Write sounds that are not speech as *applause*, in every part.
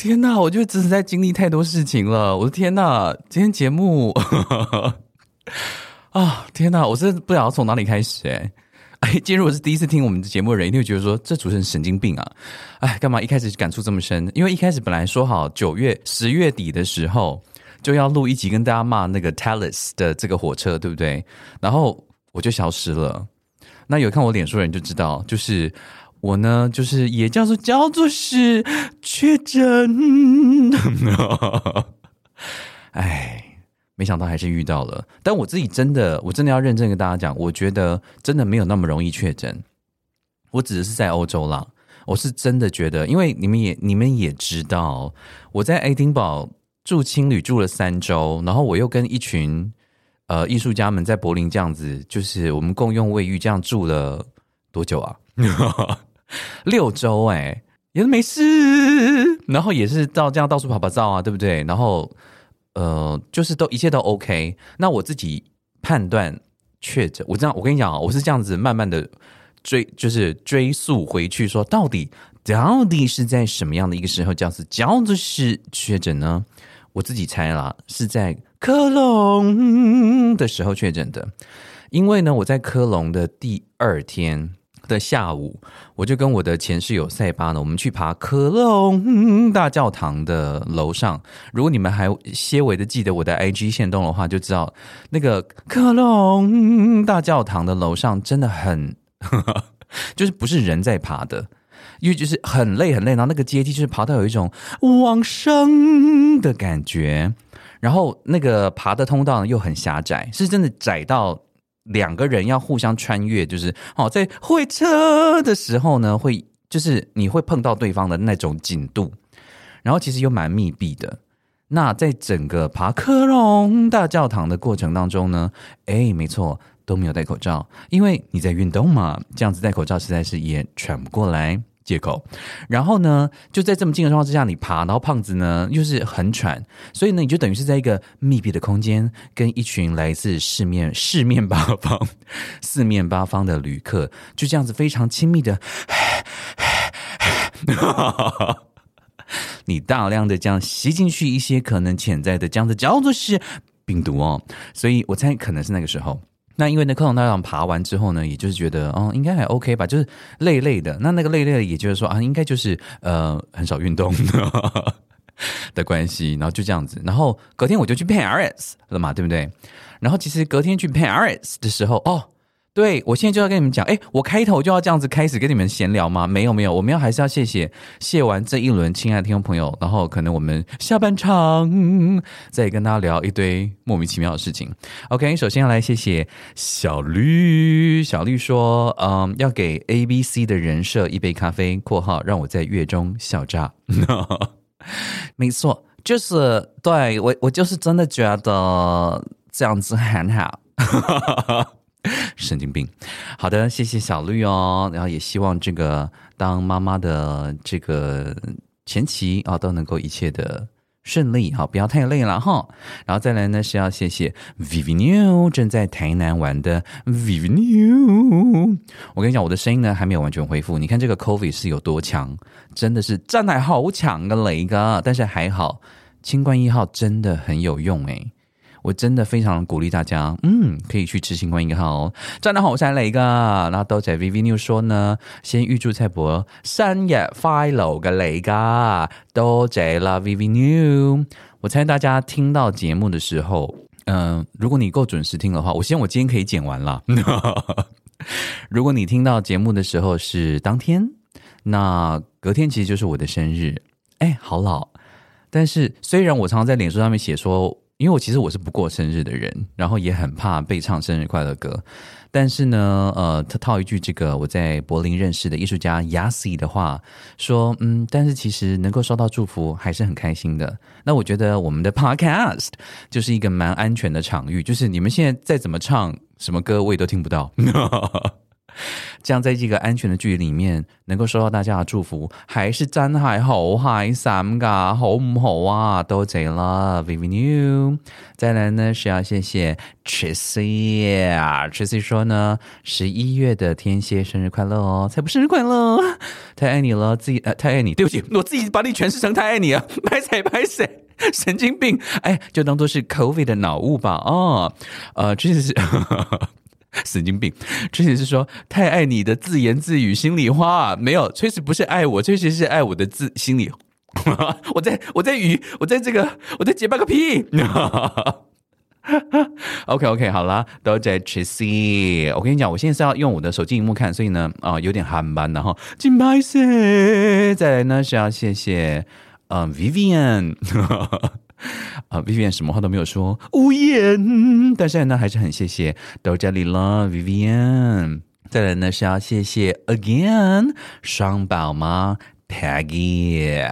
天哪，我就只是在經歷太多事情了。我的天哪，今天節目 *laughs* 啊，天哪，我真的不知道從哪裡開始誒、欸、誒，今天如果是第一次聽我們的節目的人，一定會覺得說這主持人神經病啊？哎，幹嘛一開始感觸這麼深？因為一開始本來說好九月十月底的時候就要錄一集，跟大家罵那個 Thalys 的這個火車，對不對？然後我就消失了。那有看我臉書的人就知道，就是。我呢，就是也叫做叫做是確診。哎，沒想到還是遇到了。但我自己真的，我真的要認真跟大家講，我覺得真的沒有那麼容易確診。我指的是在歐洲啦，我是真的覺得，因為你們也你們也知道，我在愛丁堡住青旅住了三週，然後我又跟一群呃藝術家們在柏林這樣子，就是我們共用衛浴，這樣住了多久啊？ *laughs* 六周哎、欸，也是沒事，然後也是照這樣到處跑跑照啊，對不對？然後呃，就是都一切都 OK。那我自己判斷確診，我這樣我跟你講啊，我是這樣子慢慢的追，就是追溯回去，說到底到底是在什麼樣的一個時候，這樣子，這樣子是確診呢？我自己猜啦，是在科隆的時候確診的，因為呢，我在科隆的第二天。的下午，我就跟我的前室友塞巴呢，我們去爬科隆大教堂的樓上。如果你們還些微的記得我的 IG 限動的話，就知道那個科隆大教堂的樓上真的很， *laughs* 就是不是人在爬的，因為就是很累很累，然後那個階梯就是爬到有一種往生的感覺，然後那個爬的通道又很狹窄，是真的窄到。兩個人要互相穿越，就是哦，在會車的時候呢，會就是你會碰到對方的那種緊度，然後其實又蠻密閉的。那在整個爬科隆大教堂的過程當中呢，誒，沒錯，都沒有戴口罩，因為你在運動嘛，這樣子戴口罩實在是也喘不過來。借口，然後呢，就在這麼近的狀況之下，你爬，然後胖子呢又、就是很喘，所以呢，你就等於是在一個密閉的空間，跟一群來自四面四面八方、四面八方的旅客，就這樣子非常親密的， *laughs* *laughs* 你大量的這樣吸進去一些可能潛在的，這樣子叫做是病毒哦，所以我猜可能是那個時候。那因為那科隆大教堂爬完之後呢，也就是覺得哦、嗯，應該還 OK 吧，就是累累的。那那個累累的，也就是說啊，應該就是呃很少運動的, *laughs* 的關係。然後就這樣子，然後隔天我就去 Paris 了嘛，對不對？然後其實隔天去 Paris 的時候，哦。對，我現在就要跟你們講，哎，我開頭就要這樣子開始跟你們閒聊嗎？沒有，沒有，我們要還是要謝謝，謝完這一輪，親愛的聽眾朋友，然後可能我們下半場再跟大家聊一堆莫名其妙的事情。OK，首先要來謝謝小綠，小綠說，嗯，要給 ABC 的人設一杯咖啡，括號讓我在月中笑炸。No. 沒錯，就是，對，我，我就是真的覺得這樣子很好。 *laughs* *laughs* 神經病，好的，謝謝小綠哦，然後也希望這個當媽媽的這個前期啊、哦、都能夠一切的順利，哈，不要太累了哈。然後再來呢是要謝謝 v i v i e n，正在台南玩的 v i v i e n。我跟你講，我的聲音呢還沒有完全恢復。你看這個 COVID 是有多強，真的是站台好強的雷哥，但是還好，清冠一號真的很有用誒。我真的非常鼓勵大家，嗯，可以去執行觀一個哦，賺得好是哪個？那都在 VVNew 說呢。先預祝蔡博，生日快樂，個哪個都在了 VVNew。我猜大家聽到節目的時候，嗯、呃，如果你夠準時聽的話，我先我今天可以剪完了。 *laughs* 如果你聽到節目的時候是當天，那隔天其實就是我的生日。哎，好老，但是雖然我常常在臉書上面寫說。因為我其實我是不過生日的人，然後也很怕被唱生日快樂歌。但是呢，呃，他套一句這個我在柏林認識的藝術家 Yasi 的話說，嗯，但是其實能夠收到祝福還是很開心的。那我覺得我們的 Podcast 就是一個蠻安全的場域，就是你們現在再怎麼唱什麼歌，我也都聽不到。 *laughs* 這樣在一個安全的距離裡面，能夠收到大家的祝福，還是真係好，海三什好唔好啊？多謝啦 v i v i n e w 再來呢是要謝謝 Tracy，Tracy，yeah, Tracy 說呢，十一月的天蠍生日快樂哦，才不生日快樂，太愛你了，自己，呃、太愛你，對不起，我自己把你詮釋成太愛你啊，白賊白賊，神經病，哎，就當做是 COVID 的腦霧吧，啊，哦，呃，Tracy。這是 *laughs* 神經病，崔氏是說太愛你的自言自語，心裡話沒有，崔氏不是愛我，崔氏是愛我的自心裡， *laughs* 我在我在語，我在這個我在結巴個屁。 *laughs* *laughs* *laughs* OK OK，好啦， *laughs* 都在吃氏。我跟你講，我現在是要用我的手機熒幕看，所以呢啊、呃、有點寒吧，然後金白色。再來呢是要謝謝、呃、Vivian。 *laughs* 啊、uh,，Vivian 什麼話都沒有說，無言。但是呢，還是很謝謝到這裡了，Vivian。再來呢是要謝謝 Again 雙寶媽 Peggy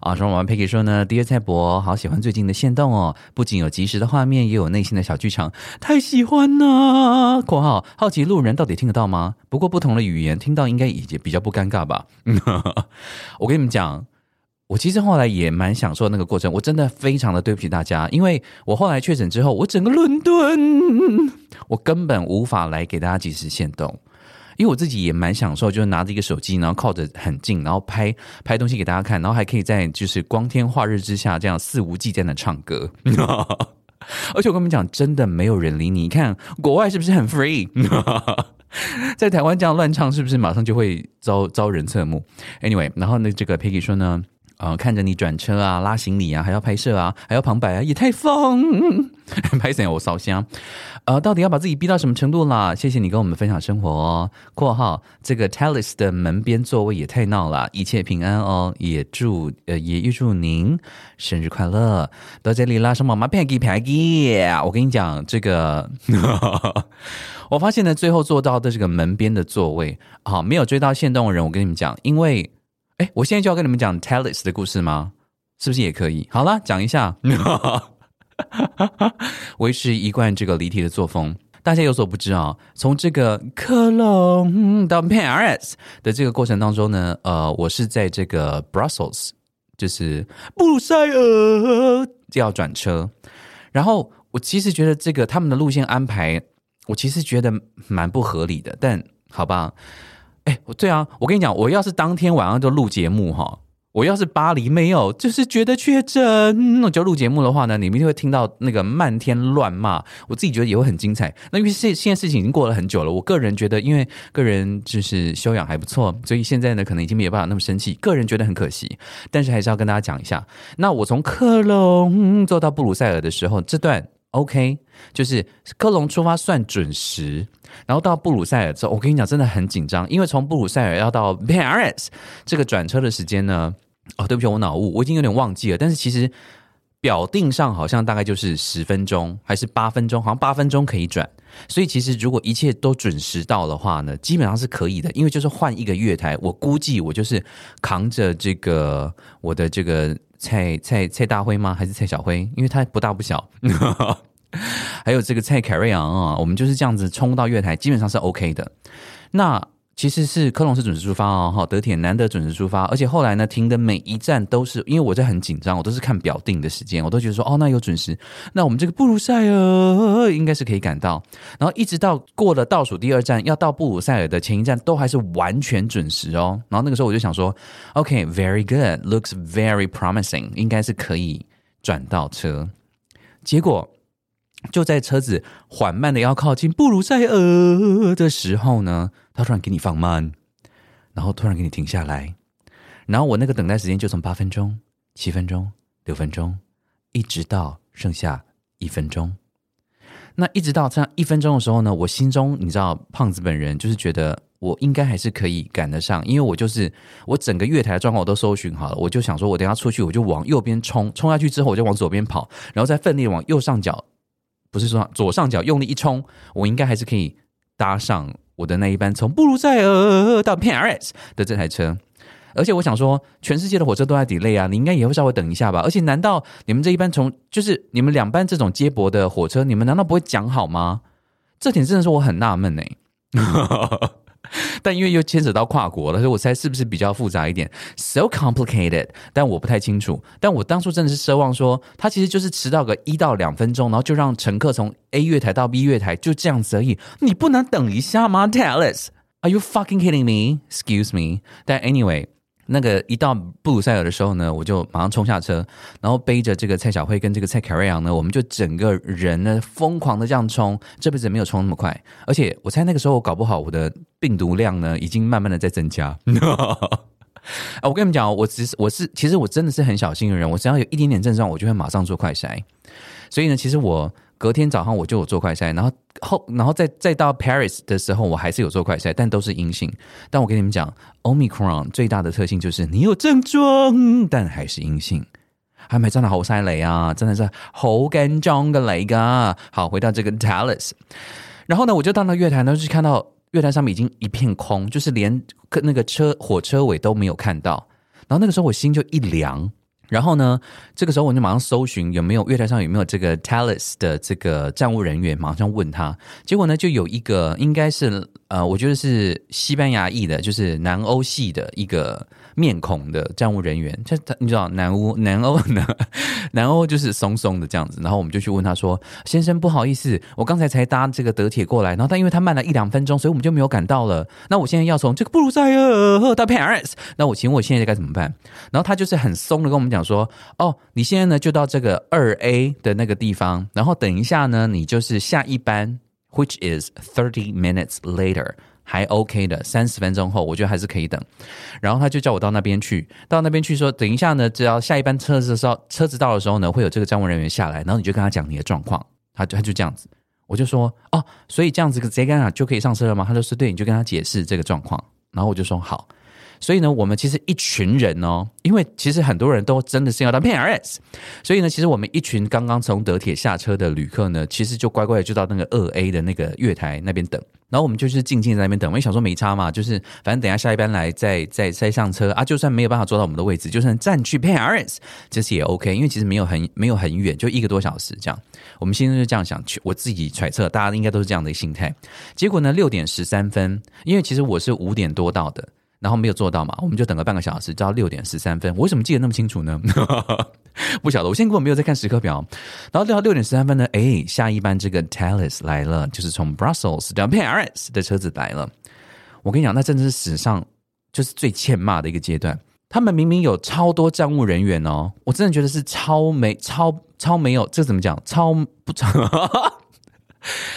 啊，雙寶媽 Peggy 說呢，Dear 蔡柏，好喜歡最近的線動哦，不僅有即時的畫面，也有內心的小劇場，太喜歡啦、啊、括號好奇路人到底聽得到嗎？不過不同的語言聽到應該已經比較不尷尬吧。嗯 *laughs* 我跟你們講。我其實後來也蠻享受那個過程，我真的非常的對不起大家，因為我後來確診之後，我整個倫敦，我根本無法來給大家即時限動，因為我自己也蠻享受，就是拿着一個手機，然後靠着很近，然後拍拍東西給大家看，然後還可以在就是光天化日之下這樣肆無忌憚的唱歌， *laughs* *laughs* 而且我跟你們講，真的沒有人理你，你看國外是不是很 free？ *laughs* 在台灣這樣亂唱，是不是馬上就會遭遭人側目？Anyway，然後呢，這個 Peggy 說呢。嗯、呃，看着你轉車啊，拉行李啊，還要拍攝啊，還要旁白啊，也太瘋！拍 *laughs* 攝、啊、我燒香，呃，到底要把自己逼到什麼程度啦？謝謝你跟我們分享生活哦。括號這個 Thalys 的門邊座位也太鬧了，一切平安哦，也祝呃也預祝您生日快樂！到這裡啦，什麼嘛，拍給 g 給！我跟你講，這個 *laughs* 我發現呢，最後坐到的這個門邊的座位好、啊，沒有追到限動的人，我跟你們講，因為。哎、欸，我現在就要跟你們講 Thalys 的故事嗎？是不是也可以？好了，講一下，維 *laughs* 持一貫這個離題的作風。大家有所不知啊，從這個科隆到 Paris 的這個過程當中呢，呃，我是在這個 Brussels，就是布魯塞爾，就要轉車。然後我其實覺得這個他們的路線安排，我其實覺得蠻不合理的。但好吧。哎、欸，我對啊，我跟你講，我要是當天晚上就錄節目哈，我要是巴黎沒有，就是覺得確診，那就錄節目的話呢，你們就會聽到那個漫天亂罵。我自己覺得也會很精彩。那因為現現在事情已經過了很久了，我個人覺得，因為個人就是修養還不錯，所以現在呢，可能已經沒有辦法那麼生氣。個人覺得很可惜，但是還是要跟大家講一下。那我從科隆坐到布魯塞爾的時候，這段。OK，就是科隆出發算準時，然後到布魯塞爾之後，我跟你講真的很緊張，因為從布魯塞爾要到 Paris 這個轉車的時間呢，哦，對不起，我腦霧，我已經有點忘記了，但是其實表定上好像大概就是十分鐘還是八分鐘，好像八分鐘可以轉，所以其實如果一切都準時到的話呢，基本上是可以的，因為就是換一個月台，我估計我就是扛着這個我的這個蔡蔡蔡大輝嗎？還是蔡小輝？因為他不大不小。 *laughs* 還有這個蔡凱瑞昂啊、嗯，我們就是這樣子衝到月台，基本上是 OK 的。那其實是科隆是準時出發哦，好德鐵難得準時出發，而且後來呢，停的每一站都是，因為我在很緊張，我都是看表定的時間，我都覺得說，哦，那有準時，那我們這個布魯塞爾應該是可以趕到。然後一直到過了倒數第二站，要到布魯塞爾的前一站，都還是完全準時哦。然後那個時候我就想說，OK，very、okay, good，looks very promising，應該是可以轉到車。結果。就在車子緩慢的要靠近布魯塞爾的時候呢，他突然給你放慢，然後突然給你停下來，然後我那個等待時間就從八分鐘、七分鐘、六分鐘，一直到剩下一分鐘。那一直到這樣一分鐘的時候呢，我心中你知道，胖子本人就是覺得我應該還是可以趕得上，因為我就是我整個月台的狀況我都搜尋好了，我就想說我等下出去我就往右邊衝，衝下去之後我就往左邊跑，然後再奮力往右上角。不是說左上角用力一衝，我應該還是可以搭上我的那一班從布魯塞爾到 Paris 的這台車，而且我想說，全世界的火車都在 delay 啊，你應該也會稍微等一下吧。而且難道你們這一班從就是你們兩班這種接駁的火車，你們難道不會講好嗎？這點真的是我很納悶哈、欸。 *laughs* *laughs* 但因為又牽扯到跨國了，所以我猜是不是比較複雜一點？So complicated，但我不太清楚。但我當初真的是奢望說，他其實就是遲到個一到兩分鐘，然後就讓乘客從 A 月台到 B 月台，就這樣子而已。你不能等一下嗎？Thalys，are you fucking kidding me？Excuse me，But anyway。那個一到布魯塞爾的時候呢，我就馬上衝下車，然後背着這個蔡小慧跟這個蔡凱瑞昂呢，我們就整個人呢瘋狂的這樣衝，這輩子沒有衝那麼快。而且我猜那個時候我搞不好我的病毒量呢已經慢慢的在增加。哎 *laughs* No、 *laughs* 啊，我跟你們講，我只是我是，其實我真的是很小心的人，我只要有一點點症狀，我就會馬上做快篩。所以呢，其實我。隔天早上我就有做快篩，然後後然後再再到 Paris 的時候，我還是有做快篩，但都是陰性。但我跟你們講，Omicron 最大的特性就是你有症狀但還是陰性。還沒真的好晒雷啊，真的是好緊張的雷啊。好，回到這個 Thalys，然後呢，我就到到月台呢，然後去看到月台上面已經一片空，就是連那個車火車尾都沒有看到。然後那個時候我心就一涼。然後呢，這個時候我就馬上搜尋有沒有月台上有沒有這個 Thalys 的這個站務人員，馬上問他。結果呢，就有一個應該是呃，我覺得是西班牙裔的，就是南歐系的一個。面孔的站務人員，就你知道，南歐南歐呢，南歐就是鬆鬆的這樣子。然後我們就去問他說：“先生，不好意思，我剛才才搭這個德鐵過來，然後他因為他慢了一兩分鐘，所以我們就沒有趕到了。那我現在要從這個布魯塞爾到 Paris，那我請問我現在該怎麼辦？”然後他就是很鬆的跟我們講說：“哦，你現在呢就到這個二 A 的那個地方，然後等一下呢你就是下一班，which is thirty minutes later。”還 OK 的，三十分鐘後我覺得還是可以等，然後他就叫我到那邊去，到那邊去說等一下呢，只要下一班車子的時候，車子到的時候呢，會有這個站務人員下來，然後你就跟他講你的狀況，他就他就這樣子，我就說哦，所以這樣子個 Z 港就可以上車了嗎？他說是對，你就跟他解釋這個狀況，然後我就說好，所以呢，我們其實一群人哦，因為其實很多人都真的是要到 PRS，所以呢，其實我們一群剛剛從德鐵下車的旅客呢，其實就乖乖的就到那個二 A 的那個月台那邊等。然後我們就是靜靜在那邊等，我想說沒差嘛，就是反正等一下下一班來再再再再上車啊，就算沒有辦法坐到我們的位置，就算站去 Paris，其實也 OK，因為其實沒有很沒有很遠，就一個多小時這樣。我們心中就這樣想，我自己揣測，大家應該都是這樣的一個心態。結果呢，六點十三分，因為其實我是五點多到的。然後沒有做到嘛，我們就等了半個小時，直到六點十三分。我為什麼記得那麼清楚呢？ *laughs* 不曉得。我現在根本沒有在看時刻表，然後到六點十三分呢，哎，下一班這個 Thalys 來了，就是從 Brussels 到 Paris 的車子來了。我跟你講，那真的是史上就是最欠罵的一個階段。他們明明有超多站務人員哦，我真的覺得是超沒、超超沒有，這怎麼講？超、不超。 *laughs*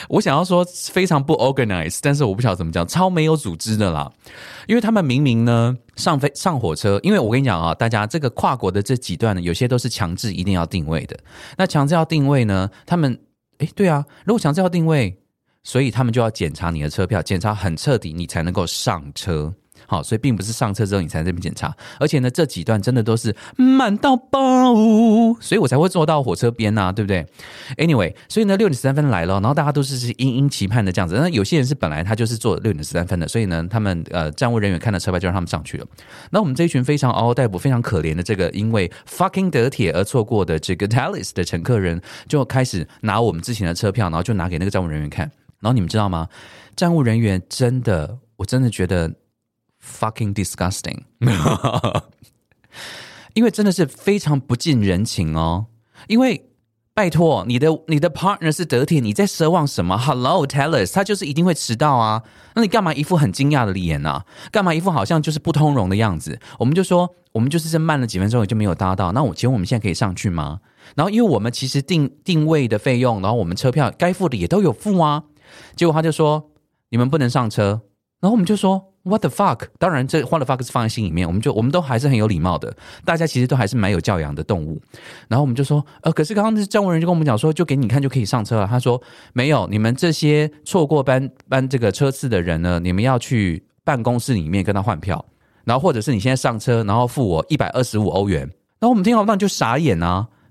我想要說非常不 organize，但是我不曉得怎麼講，超沒有組織的啦。因為他們明明呢上飛上火車，因為我跟你講啊，大家這個跨國的這幾段呢，有些都是強制一定要定位的。那強制要定位呢，他們哎、欸，對啊，如果強制要定位，所以他們就要檢查你的車票，檢查很徹底，你才能夠上車。好，所以並不是上車之後你才在這邊檢查，而且呢，這幾段真的都是滿到爆，所以我才會坐到火車邊吶、啊，對不對？Anyway，所以呢，六點十三分來了，然後大家都是是殷殷期盼的這樣子。那有些人是本來他就是坐六點十三分的，所以呢，他們呃站務人員看到車牌就讓他們上去了。那我們這一群非常嗷嗷待哺、非常可憐的這個因為 fucking 德鐵而錯過的這個 Thalys 的乘客人，就開始拿我們之前的車票，然後就拿給那個站務人員看。然後你們知道嗎？站務人員真的，我真的覺得。Fucking disgusting！ *laughs* 因為真的是非常不近人情哦。因為拜托，你的你的 partner 是德鐵，你在奢望什麼？Hello, tell us，他就是一定會遲到啊。那你幹嘛一副很驚訝的臉啊？幹嘛一副好像就是不通融的樣子？我們就說，我們就是這慢了幾分鐘，也就沒有搭到。那我，請問我們現在可以上去嗎？然後，因為我們其實定定位的費用，然後我們車票該付的也都有付啊。結果他就說，你們不能上車。然後我們就說。What the fuck？當然，這 What the fuck 是放在心裡面。我們就，我們都還是很有禮貌的，大家其實都還是蠻有教養的動物。然後我們就說，呃，可是剛剛這中國人就跟我們講說，就給你看就可以上車了。他說沒有，你們這些錯過班班這個車次的人呢，你們要去辦公室裡面跟他換票，然後或者是你現在上車，然後付我一百二十五歐元。然後我們聽到那就傻眼啊。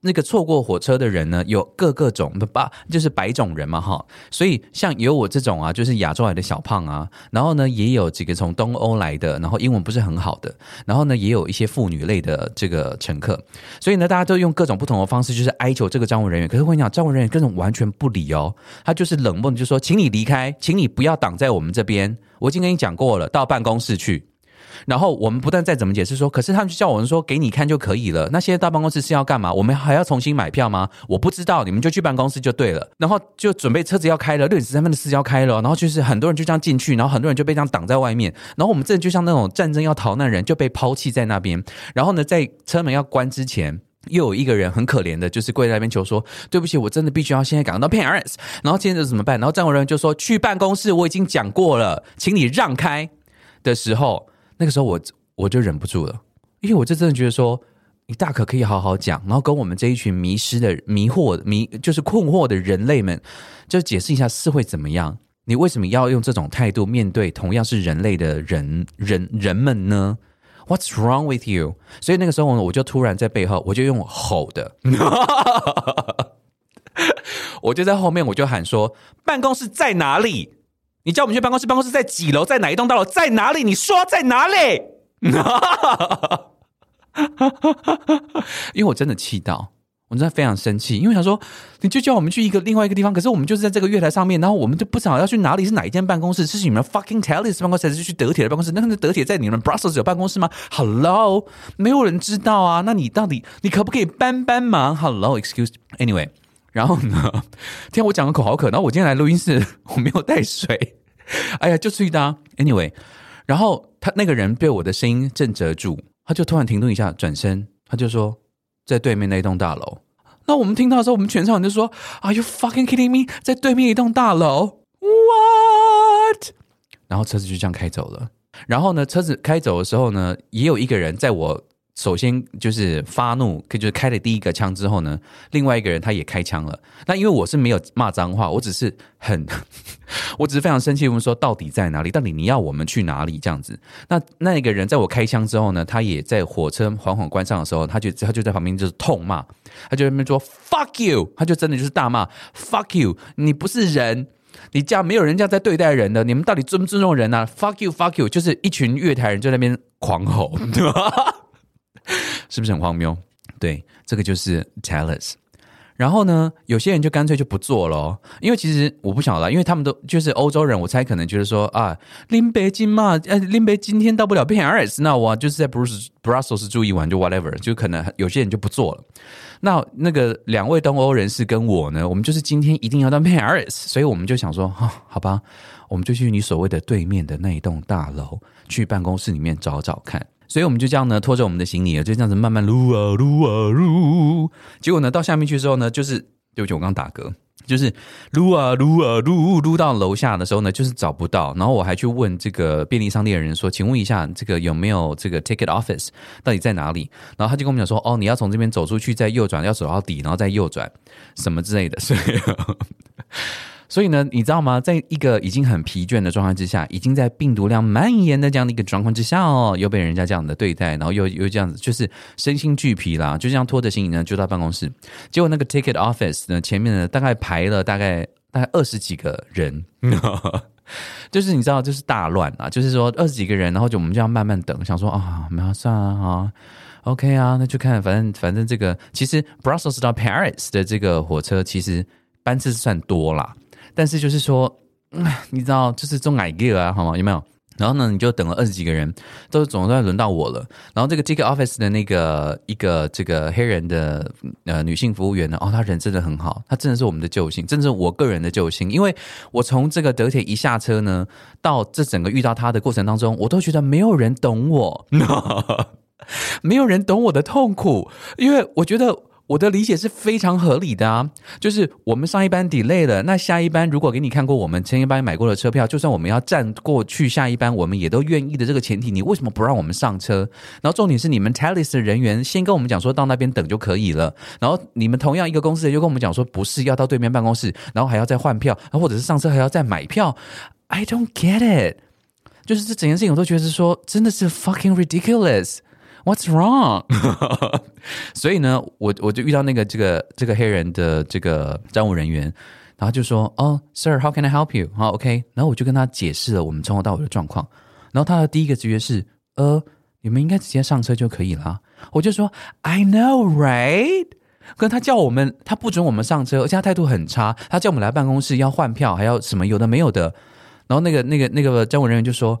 那個錯過火車的人呢，有各各種，吧，就是百種人嘛，哈。所以像有我這種啊，就是亞洲來的小胖啊，然後呢也有幾個從東歐來的，然後英文不是很好的，然後呢也有一些婦女類的這個乘客，所以呢大家都用各種不同的方式，就是哀求這個站務人員。可是我跟你講，站務人員根本完全不理哦，他就是冷漠，就說：“請你離開，請你不要擋在我們這邊。”我已經跟你講過了，到辦公室去。然後我們不但再怎麼解釋說，可是他們就叫我們說給你看就可以了。那現在到辦公室是要幹嘛？我們還要重新買票嗎？我不知道，你們就去辦公室就對了。然後就準備車子要開了，六點十三分的車要開了。然後就是很多人就這樣進去，然後很多人就被這樣擋在外面。然後我們這就像那種戰爭要逃難人就被拋棄在那邊。然後呢，在車門要關之前，又有一個人很可憐的，就是跪在那邊求說：“對不起，我真的必須要現在趕到 Paris。”然後現在怎麼辦？然後站務人員就說：“去辦公室，我已經講過了，請你讓開。”的時候。那個時候我我就忍不住了，因為我就真的覺得說，你大可可以好好講，然後跟我們這一群迷失的、迷惑、迷就是困惑的人類們，就解釋一下是會怎麼樣。你為什麼要用這種態度面對同樣是人類的人人人們呢？What's wrong with you？所以那個時候呢，我就突然在背後我就用吼的， *laughs* 我就在後面我就喊說，辦公室在哪裡？你叫我們去辦公室，辦公室在幾樓，在哪一棟大樓，在哪裡？你說在哪裡？No! *laughs* 因為我真的氣到，我真的非常生氣，因為想說，你就叫我們去一個另外一個地方，可是我們就是在這個月台上面，然後我們就不知道要去哪裡，是哪一間辦公室，是你們 fucking Thalys 辦公室，還是去德鐵的辦公室？那是德鐵在你們 Brussels 有辦公室嗎？Hello，沒有人知道啊。那你到底，你可不可以幫幫忙？Hello，excuse，anyway。Hello? 然後呢？聽，天啊，我講個口好渴。然後我今天來錄音室，我沒有帶水。哎呀，就是一搭。Anyway，然後他那個人被我的聲音震折住，他就突然停頓一下，轉身，他就說在對面那一棟大樓。那我們聽到的時候，我們全場人就說：“Are you fucking kidding me？” 在對面一棟大樓，What？然後車子就這樣開走了。然後呢，車子開走的時候呢，也有一個人在我。首先就是發怒，就是開了第一個槍之後呢，另外一個人他也開槍了。那因為我是沒有罵髒話，我只是很， *laughs* 我只是非常生氣，我們說到底在哪裡？到底你要我們去哪裡？這樣子。那那個人在我開槍之後呢，他也在火車緩緩關上的時候，他就他就在旁邊就是痛罵，他就在那邊說 fuck you，他就真的就是大罵 fuck you，你不是人，你這樣沒有人家在對待人的，你們到底尊不尊重人呢、啊、？fuck you，fuck you，就是一群月台人就在那邊狂吼，對吧？ *laughs* *laughs* *laughs* 是不是很荒謬？對，這個就是 Thalys。然後呢，有些人就乾脆就不做了、哦，因為其實我不曉得，因為他們都就是歐洲人，我猜可能覺得說啊，林北今嘛，呃、啊，林北今天到不了 Paris，那我就是在 Brussels Brussels 住一晚就 whatever，就可能有些人就不做了。那那個兩位東歐人士跟我呢，我們就是今天一定要到 Paris，所以我們就想說，哈、哦，好吧，我們就去你所謂的對面的那一棟大樓，去辦公室裡面找找看。所以我們就這樣呢，拖着我們的行李，就這樣子慢慢擼啊擼啊擼、啊。結果呢，到下面去之後呢，就是對不起，我剛打嗝，就是擼啊擼啊擼，擼到樓下的時候呢，就是找不到。然後我還去問這個便利商店的人說：“請問一下，這個有沒有這個 ticket office？到底在哪裡？”然後他就跟我們講說：“哦，你要從這邊走出去，再右轉，要走到底，然後再右轉，什麼之類的。”所以。 *laughs* 所以呢，你知道嗎？在一個已經很疲倦的狀態之下，已經在病毒量蔓延的這樣的一個狀況之下哦，又被人家這樣的對待，然後又又這樣子，就是身心俱疲啦，就這樣拖着行李呢，就到辦公室。結果那個 ticket office 呢，前面呢，前面呢，大概排了大概大概二十幾個人， *laughs* 就是你知道，就是大亂啊，就是說二十幾個人，然後就我們就要慢慢等，想說啊，哦，沒有算啊啊，哦，OK 啊，那去看，反正反正這個其實 Brussels 到 Paris 的這個火車其實班次是算多啦。但是就是說、嗯，你知道，就是中矮個啊，好嗎？有沒有？然後呢，你就等了二十幾個人，都總算輪到我了。然後這個 ticket office 的那個一個這個黑人的呃女性服務員呢，哦，她人真的很好，她真的是我們的救星，真的是我個人的救星。因為我從這個德鐵一下車呢，到這整個遇到她的過程當中，我都覺得沒有人懂我， *laughs* 沒有人懂我的痛苦，因為我覺得。我的理解是非常合理的啊，就是我們上一班 delay 了，那下一班如果給你看過我們前一班買過的車票，就算我們要站過去下一班，我們也都願意的這個前提，你為什麼不讓我們上車？然後重點是你們 Thalys 的人員先跟我們講說到那邊等就可以了，然後你們同樣一個公司也就跟我們講說不是要到對面辦公室，然後還要再換票，或者是上車還要再買票？I don't get it，就是這整件事情我都覺得是說真的是 fucking ridiculous。What's wrong？ *laughs* 所以呢，我我就遇到那個這個這個黑人的這個站務人員，然後就說：“哦，Sir，How can I help you？好，OK。”然後我就跟他解釋了我們從頭到尾的狀況。然後他的第一個直覺是：“呃，你們應該直接上車就可以了。”我就說：“I know, right？” 可是他叫我們，他不准我們上車，而且他態度很差。他叫我們來辦公室要換票，還要什麼有的沒有的。然後那個那個那個站務人員就說。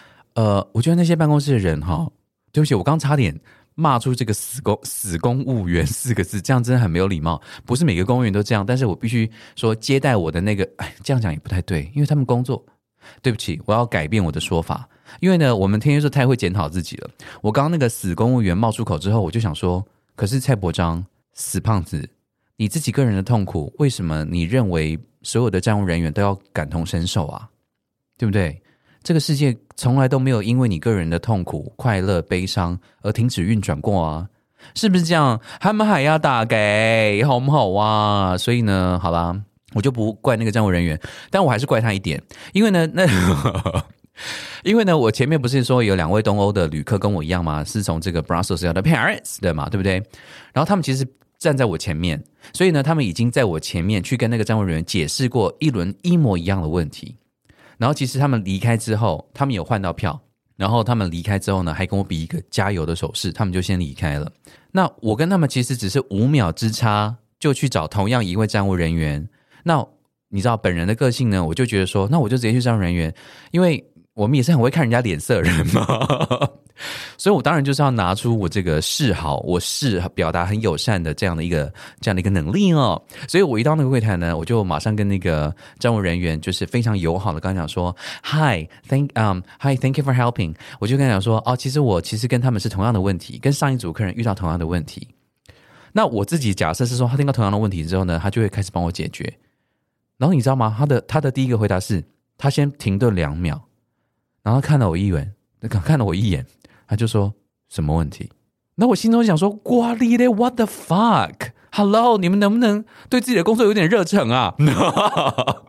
呃，我覺得那些辦公室的人哈，對不起，我剛差點罵出這個“死公死公務員”四個字，這樣真的很沒有禮貌。不是每個公務員都這樣，但是我必須說，接待我的那個，唉，這樣講也不太對，因為他們工作。對不起，我要改變我的說法，因為呢，我們天蠍座太會檢討自己了。我剛剛那個“死公務員”冒出口之後，我就想說，可是蔡伯章，死胖子，你自己個人的痛苦，為什麼你認為所有的站務人員都要感同身受啊？對不對？這個世界從來都沒有因為你個人的痛苦、快樂、悲傷而停止運轉過啊，是不是這樣？他們還要打給，好不好哇、啊？所以呢，好吧，我就不怪那個站務人員，但我還是怪他一點，因為呢，那、嗯、 *laughs* 因為呢，我前面不是說有兩位東歐的旅客跟我一樣嗎？是從這個 Brussels 要到 Paris 的嘛，對不對？然後他們其實站在我前面，所以呢，他們已經在我前面去跟那個站務人員解釋過一輪一模一樣的問題。然後其實他們離開之後，他們有換到票。然後他們離開之後呢，還跟我比一個加油的手勢。他們就先離開了。那我跟他們其實只是五秒之差，就去找同樣一位站務人員。那你知道本人的個性呢？我就覺得說，那我就直接去站務人員，因為。我們也是很會看人家臉色的人嘛， *laughs* 所以，我當然就是要拿出我這個示好，我示表達很友善的這樣的一個這樣的一個能力哦。所以，我一到那個櫃台呢，我就馬上跟那個站務人員就是非常友好的跟他講說：“Hi, thank um, Hi, thank you for helping。”我就跟他講說：“哦，其實我其實跟他們是同樣的問題，跟上一組客人遇到同樣的問題。那我自己假設是說，他聽到同樣的問題之後呢，他就會開始幫我解決。然後你知道嗎？他的他的第一個回答是，他先停頓兩秒。”然後看了我一眼，看了我一眼，他就說什麼問題？那我心中想說，瓜哩嘞，what the fuck？Hello，你們能不能對自己的工作有點熱忱啊？No. *laughs*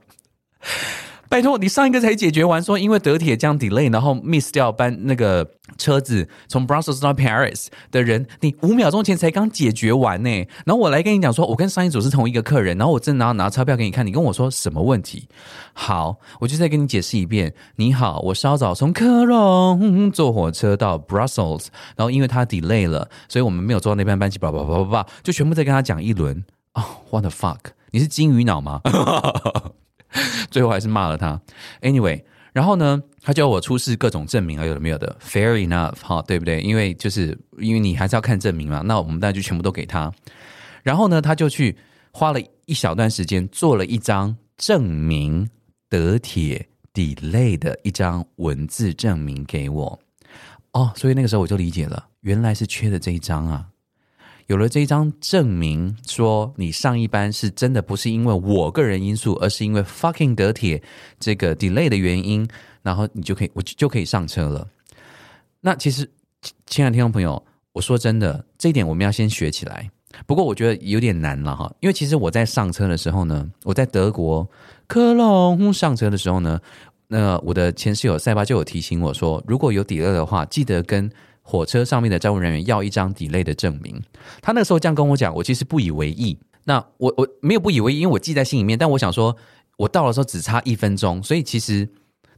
拜託，你上一個才解決完，說因為德鐵將 delay，然後 miss 掉班那個車子從 Brussels 到 Paris 的人，你五秒鐘前才剛解決完呢、欸。然後我來跟你講，說我跟上一組是同一個客人，然後我正的拿拿鈔票給你看，你跟我說什麼問題？好，我就再跟你解釋一遍。你好，我稍早從科隆坐火車到 Brussels，然後因為他 delay 了，所以我們沒有坐到那班班機。叭叭叭叭叭，就全部再跟他講一輪啊、oh,！What the fuck？你是金魚腦嗎？ *laughs* *laughs* 最後還是罵了他。Anyway，然後呢，他叫我出示各種證明，啊，有的沒有的，fair enough，哈，對不對？因為就是因為你還是要看證明嘛。那我們大家就全部都給他。然後呢，他就去花了一小段時間做了一張證明德鐵 delay 的一張文字證明給我。哦，所以那個時候我就理解了，原來是缺的這一張啊。有了這一張證明，說你上一班是真的不是因為我個人因素，而是因為 fucking 德鐵這個 delay 的原因，然後你就可以，我就，就可以上車了。那其實，親愛的聽眾朋友，我說真的，這一點我們要先學起來。不過我覺得有點難了哈，因為其實我在上車的時候呢，我在德國科隆上車的時候呢，那我的前室友塞巴就有提醒我說，如果有 delay 的話，記得跟。火車上面的站務人員要一張 delay 的證明，他那時候這樣跟我講，我其實不以為意。那我我沒有不以為意，因為我記在心裡面。但我想說，我到的時候只差一分鐘，所以其實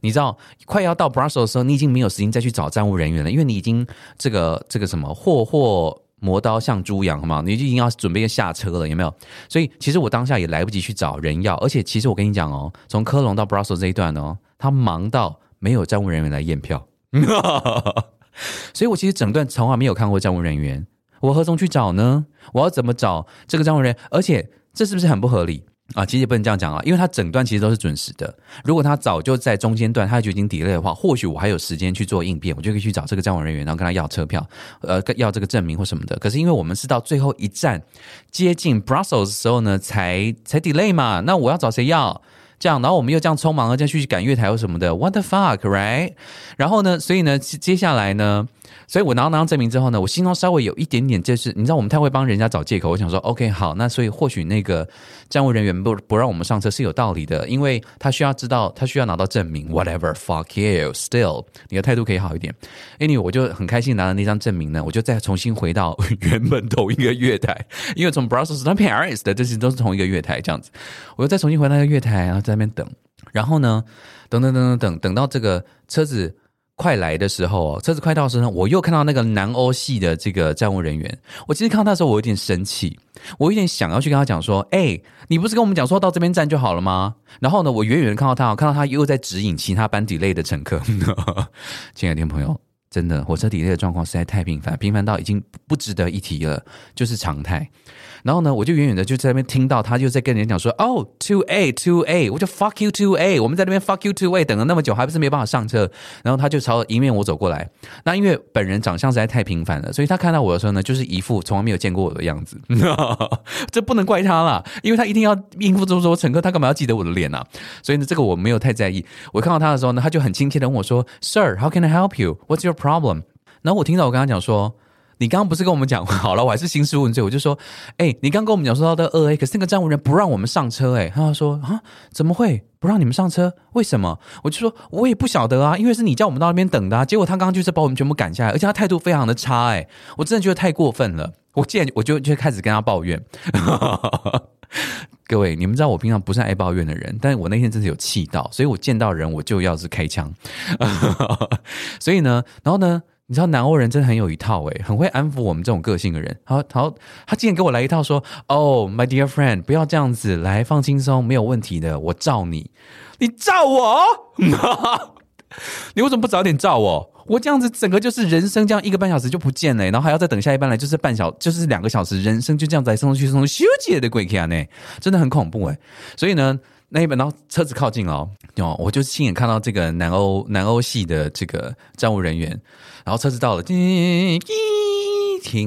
你知道，快要到 Brussels 的時候，你已經沒有時間再去找站務人員了，因為你已經這個這個什麼霍霍磨刀像豬羊，好嗎？你就已經要準備下車了，有沒有？所以其實我當下也來不及去找人要，而且其實我跟你講哦，從科隆到 Brussels 這一段哦，他忙到沒有站務人員來驗票。 *laughs* 所以，我其實整段從來沒有看過站務人員。我何從去找呢？我要怎麼找這個站務人員？而且，這是不是很不合理啊？其實也不能這樣講啊，因為他整段其實都是準時的。如果他早就在中間段他就已經 delay 的話，或許我還有時間去做應變，我就可以去找這個站務人員，然後跟他要車票，呃，要這個證明或什麼的。可是，因為我們是到最後一站接近 Brussels 的時候呢，才才 delay 嘛。那我要找誰要？然後我們又這樣匆忙，這樣繼續去趕月台又什麼的，what the fuck，right？然後呢，所以呢，接下來呢？所以我拿到那張證明之後呢，我心中稍微有一點點就是，你知道我們太會幫人家找借口。我想說，OK，好，那所以或許那個站務人員不不讓我們上車是有道理的，因為他需要知道，他需要拿到證明。Whatever，fuck you，still，你的態度可以好一點。Anyway，我就很開心拿到那張證明呢，我就再重新回到原本同一個月台，因為從 Brussels 到 Paris 的這些、就是、都是同一個月台這樣子。我又再重新回到那個月台，然後在那邊等，然後呢，等等等等等等到這個車子。快來的時候哦，車子快到的時候，我又看到那個南歐系的這個站務人員。我其實看到他的時候，我有點生氣，我有點想要去跟他講說：“哎、欸，你不是跟我們講說到這邊站就好了嗎？”然後呢，我遠遠的看到他，看到他又在指引其他班 delay 的乘客。親 *laughs* 愛的朋友，真的火車 delay 的狀況實在太頻繁，頻繁到已經不值得一提了，就是常態。然後呢，我就遠遠的就在那邊聽到他就在跟人家講說：“哦、oh，two A two A，我就 fuck you two A，我們在那邊 fuck you two A，等了那麼久，還不是沒辦法上車。”然後他就朝迎面我走過來。那因為本人長相實在太平凡了，所以他看到我的時候呢，就是一副從來沒有見過我的樣子。No, 這不能怪他啦，因為他一定要應付這麼多乘客，他幹嘛要記得我的臉啊？所以呢，這個我沒有太在意。我看到他的時候呢，他就很親切的問我說：“Sir，How can I help you？What's your problem？” 然後我聽到我跟他講說。你剛剛不是跟我們講好了？我還是興師問罪，我就說：哎、欸，你剛跟我們講說到的二 A，可是那個站務人不讓我們上車、欸，哎，他就說：啊，怎麼會不讓你們上車？為什麼？我就說：我也不曉得啊，因為是你叫我們到那邊等的、啊。結果他剛剛就是把我們全部趕下來，而且他態度非常的差、欸，哎，我真的覺得太過分了。我見我就我就，就開始跟他抱怨。 *laughs* 各位，你們知道我平常不是愛抱怨的人，但是我那天真的有氣到，所以我見到人我就要是開槍。 *laughs* 嗯、 *laughs* 所以呢，然後呢？你知道南歐人真的很有一套哎、欸，很會安撫我們這種個性的人。好，他他竟然給我來一套說：“哦、oh,，my dear friend，不要這樣子，來放輕鬆，沒有問題的，我罩你，你罩我， *laughs* 你為什麼不早點罩我？我這樣子整個就是人生這樣一個半小時就不見了、欸、然後還要再等下一班來，就是半小就是兩個小時，人生就這樣子來送出去送出去，休假的鬼氣啊呢，真的很恐怖哎、欸。所以呢。那一本，然後車子靠近咯，哦，我就親眼看到這個南歐南歐系的這個站務人員，然後車子到了，停，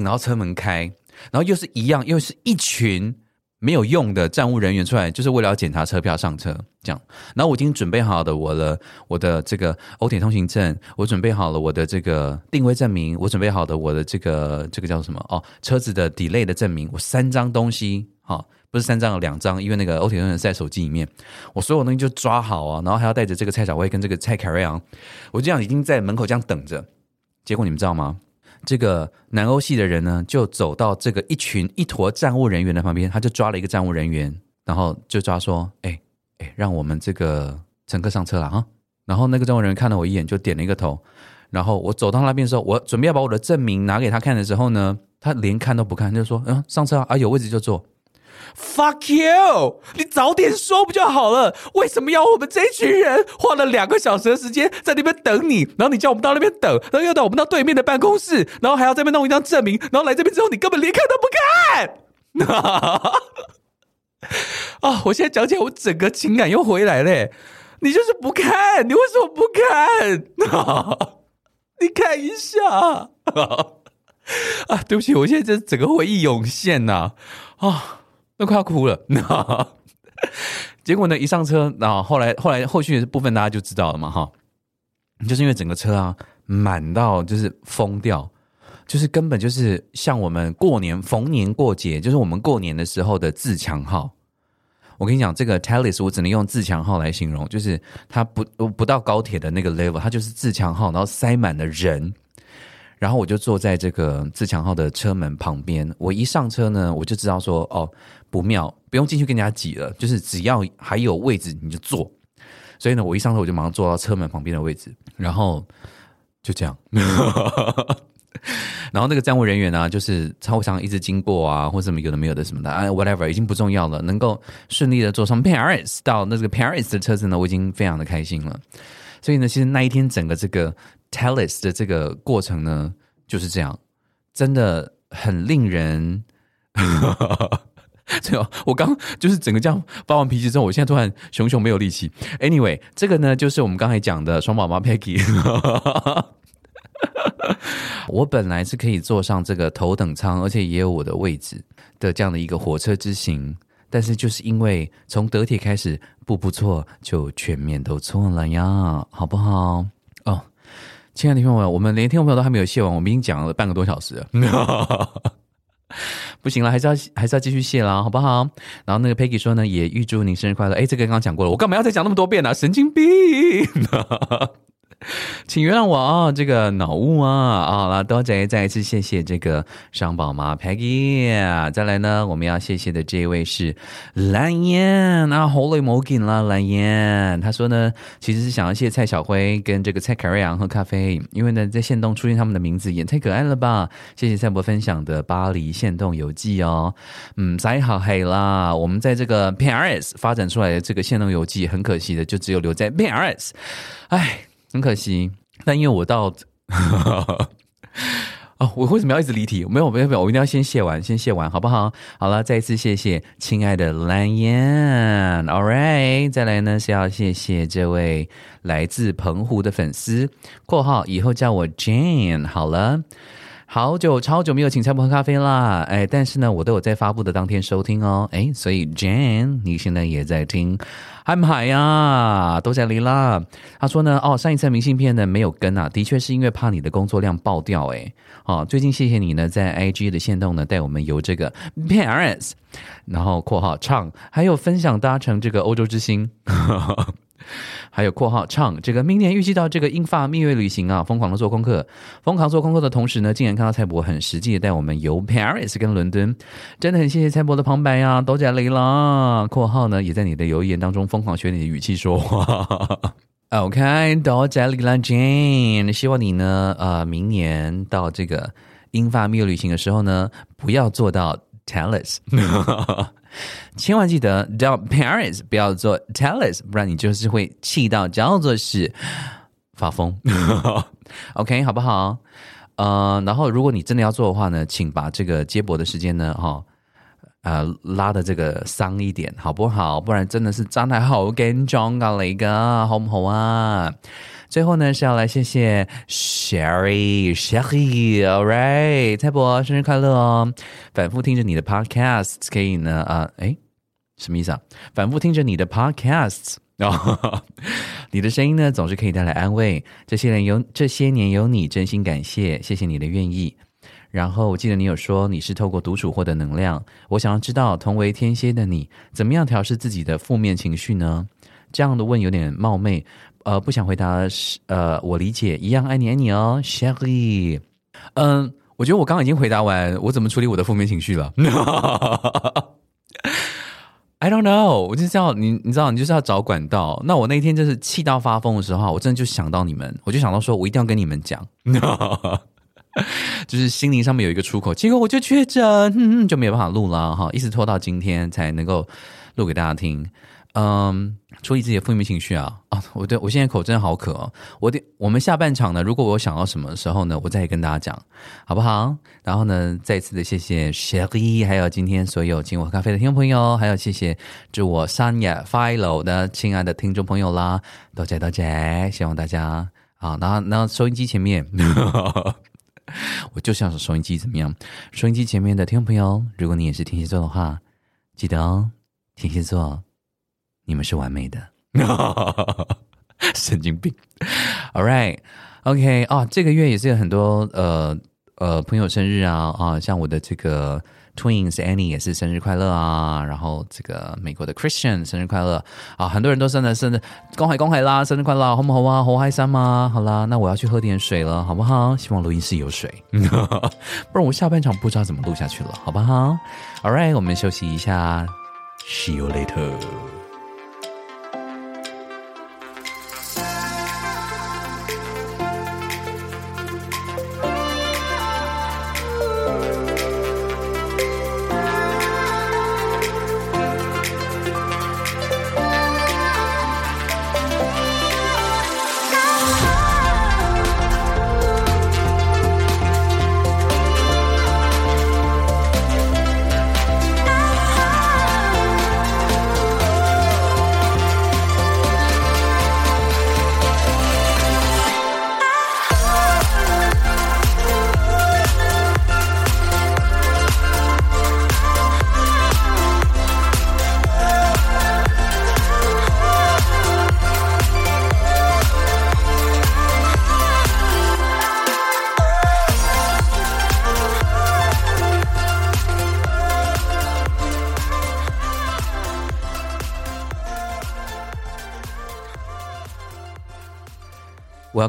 然後車門開，然後又是一樣，又是一群沒有用的站務人員出來，就是為了要檢查車票上車，這樣。然後我已經準備好的我的我的這個歐鐵通行證，我準備好了我的這個定位證明，我準備好的我的這個這個叫什麼哦，車子的 delay 的證明，我三張東西。啊，不是三張，兩張，因為那個歐鐵運動員在手機裡面，我所有東西就抓好啊，然後還要帶着這個蔡小威跟這個蔡凱瑞昂，我這樣已經在門口這樣等着。結果你們知道嗎？這個南歐系的人呢，就走到這個一群一坨站務人員的旁邊，他就抓了一個站務人員，然後就抓說，哎哎，讓我們這個乘客上車了啊。然後那個站務人員看了我一眼，就點了一個頭。然後我走到那邊的時候，我準備要把我的證明拿給他看的時候呢，他連看都不看，就說，嗯，上車啊，有位置就坐。Fuck you！你早點說不就好了？為什麼要我們這一群人花了兩個小時的時間在那邊等你？然後你叫我們到那邊等，然後又到我們到對面的辦公室，然後還要這邊弄一張證明，然後來這邊之後你根本連看都不看。 *laughs* 啊！我現在講起來，我整個情感又回來了、欸。你就是不看，你為什麼不看？ *laughs* 你看一下 *laughs* 啊！對不起，我現在這整個回憶湧現吶啊！啊都快要哭了，no， *laughs* 結果呢？一上車，然後後來後來後續的部分大家就知道了嘛，哈，就是因為整個車啊滿到就是瘋掉，就是根本就是像我們過年逢年過節，就是我們過年的時候的自強號。我跟你講，這個 Thalys 我只能用自強號來形容，就是它不不到高鐵的那個 level，它就是自強號，然後塞滿了人。然後我就坐在這個自強號的車門旁邊。我一上車呢，我就知道說，哦，不妙，不用進去跟人家擠了，就是只要還有位置你就坐。所以呢，我一上車我就馬上坐到車門旁邊的位置。然後就這樣， *laughs* *laughs* *laughs* 然後那個站務人員呢、啊，就是超常一直經過啊，或什麼有的沒有的什麼的啊，whatever，已經不重要了。能夠順利的坐上 Paris 到那個 Paris 的車子呢，我已經非常的開心了。所以呢，其實那一天整個這個。Thalys 的這個過程呢，就是這樣，真的很令人……這 *laughs* 個 *laughs* 我剛就是整個這樣發完脾氣之後，我現在突然熊熊沒有力氣。Anyway，這個呢就是我們剛才講的雙寶媽 Peggy。 *laughs* *laughs* 我本來是可以坐上這個頭等艙，而且也有我的位置的這樣的一個火車之行，但是就是因為從德鐵開始，步步錯，就全面都錯了呀，好不好？親愛的聽眾朋友，我們連聽眾朋友都還沒有謝完，我們已經講了半個多小時了，no. 不行了，還是要還是要繼續謝啦，好不好？然後那個 Peggy 說呢，也預祝你生日快樂。哎，這個剛剛講過了，我幹嘛要再講那麼多遍呢、啊？神經病！No. 請原諒我哦，這個腦霧啊，好啦，多謝，再一次謝謝這個商寶媽 Peggy，再來呢，我們要謝謝的這一位是藍煙啊，Holy morning 啦，藍煙他說呢，其實是想要謝謝蔡小輝跟這個蔡凱瑞昂喝咖啡，因為呢，在限動出現他們的名字也太可愛了吧！謝謝賽博分享的巴黎限動遊記哦，嗯，再好黑啦，我們在這個 PRS 發展出來的這個限動遊記很可惜的，就只有留在 PRS，哎。唉很可惜，但因為我到，啊、 *laughs* 哦，我為什麼要一直離題？沒有，沒有，沒有，我一定要先謝完，先謝完，好不好？好了，再一次謝謝，親愛的藍顏。All right，再來呢是要謝謝這位來自澎湖的粉絲，括號以後叫我 Jane 好了。好久，超久沒有請菜譜喝咖啡啦，哎、欸，但是呢，我都有在發布的當天收聽哦、喔，哎、欸，所以 Jane 你現在也在聽，Hi 啊？都在裡啦。他說呢，哦，上一次明信片呢沒有跟啊，的確是因為怕你的工作量爆掉、欸，哎，哦，最近謝謝你呢，在 IG 的限動呢帶我們遊這個 Paris，然後括號唱，還有分享搭乘這個歐洲之星。 *laughs* 還有括號唱這個，明年預計到這個英法蜜月旅行啊，瘋狂的做功課，瘋狂做功課的同時呢，竟然看到蔡伯很實際的帶我們遊 Paris 跟倫敦，真的很謝謝蔡伯的旁白啊。Doja Lele 啦！括號呢也在你的留言當中瘋狂學你的語氣說話哈哈，OK Doja Lele 啦 Jane，希望你呢呃明年到這個英法蜜月旅行的時候呢，不要坐到 Thalys。 *laughs* 千萬記得叫 parents，不要做 Thalys，不然你就是會氣到要做事發瘋。 *laughs* OK，好不好？呃、uh,，然後如果你真的要做的話呢，請把這個接駁的時間呢，哈、哦，呃，拉得這個長一點，好不好？不然真的是狀太好跟 john 個，好不好啊？最後呢，是要來謝謝 sherry sherry，all right，蔡伯生日快樂哦！反覆聽着你的 podcast，可以呢，啊、呃，哎。什麼意思啊？反覆聽着你的 podcasts， *laughs* 你的聲音呢，總是可以帶來安慰。這些年有這些年有你，真心感謝，謝謝你的願意。然後我記得你有說你是透過獨處獲得能量。我想要知道，同為天蠍的你，怎麼樣調試自己的負面情緒呢？這樣的問有點冒昧，呃，不想回答。呃，我理解，一樣愛你。愛你哦，Sherry。嗯，我覺得我剛剛已經回答完，我怎麼處理我的負面情緒了？ *laughs* I don't know，我就是要你，你知道，你就是要找管道。那我那天就是氣到發瘋的時候，我真的就想到你們，我就想到說，我一定要跟你們講， *laughs* 就是心靈上面有一個出口。結果我就確診，嗯、就沒有辦法錄了哈，一直拖到今天才能夠錄給大家聽，嗯、um,。處理自己的負面情緒啊啊、哦！我對我現在口真的好渴，哦，我得我們下半場呢，如果我想到什麼的時候呢，我再跟大家講，好不好？然後呢，再次的謝謝雪莉，還有今天所有請我喝咖啡的聽眾朋友，還有謝謝祝我三 i 發樓的親愛的聽眾朋友啦，多謝多謝，希望大家啊，然後然後收音機前面， *laughs* 我就想說收音機怎麼樣？收音機前面的聽眾朋友，如果你也是天蠍座的話，記得哦，天蠍座。你們是完美的， *laughs* 神經病。All right, OK，哦，啊，這個月也是有很多呃呃朋友生日啊啊，像我的這個 Twins Annie 也是生日快樂啊，然後這個美國的 Christian 生日快樂啊，很多人都生日生日恭喜恭喜啦，生日快樂，好不好啊，紅海山嘛好啦，那我要去喝點水了，好不好？希望錄音室有水， *laughs* 不然我下半場不知道怎麼錄下去了，好不好？All right，我們休息一下，See you later。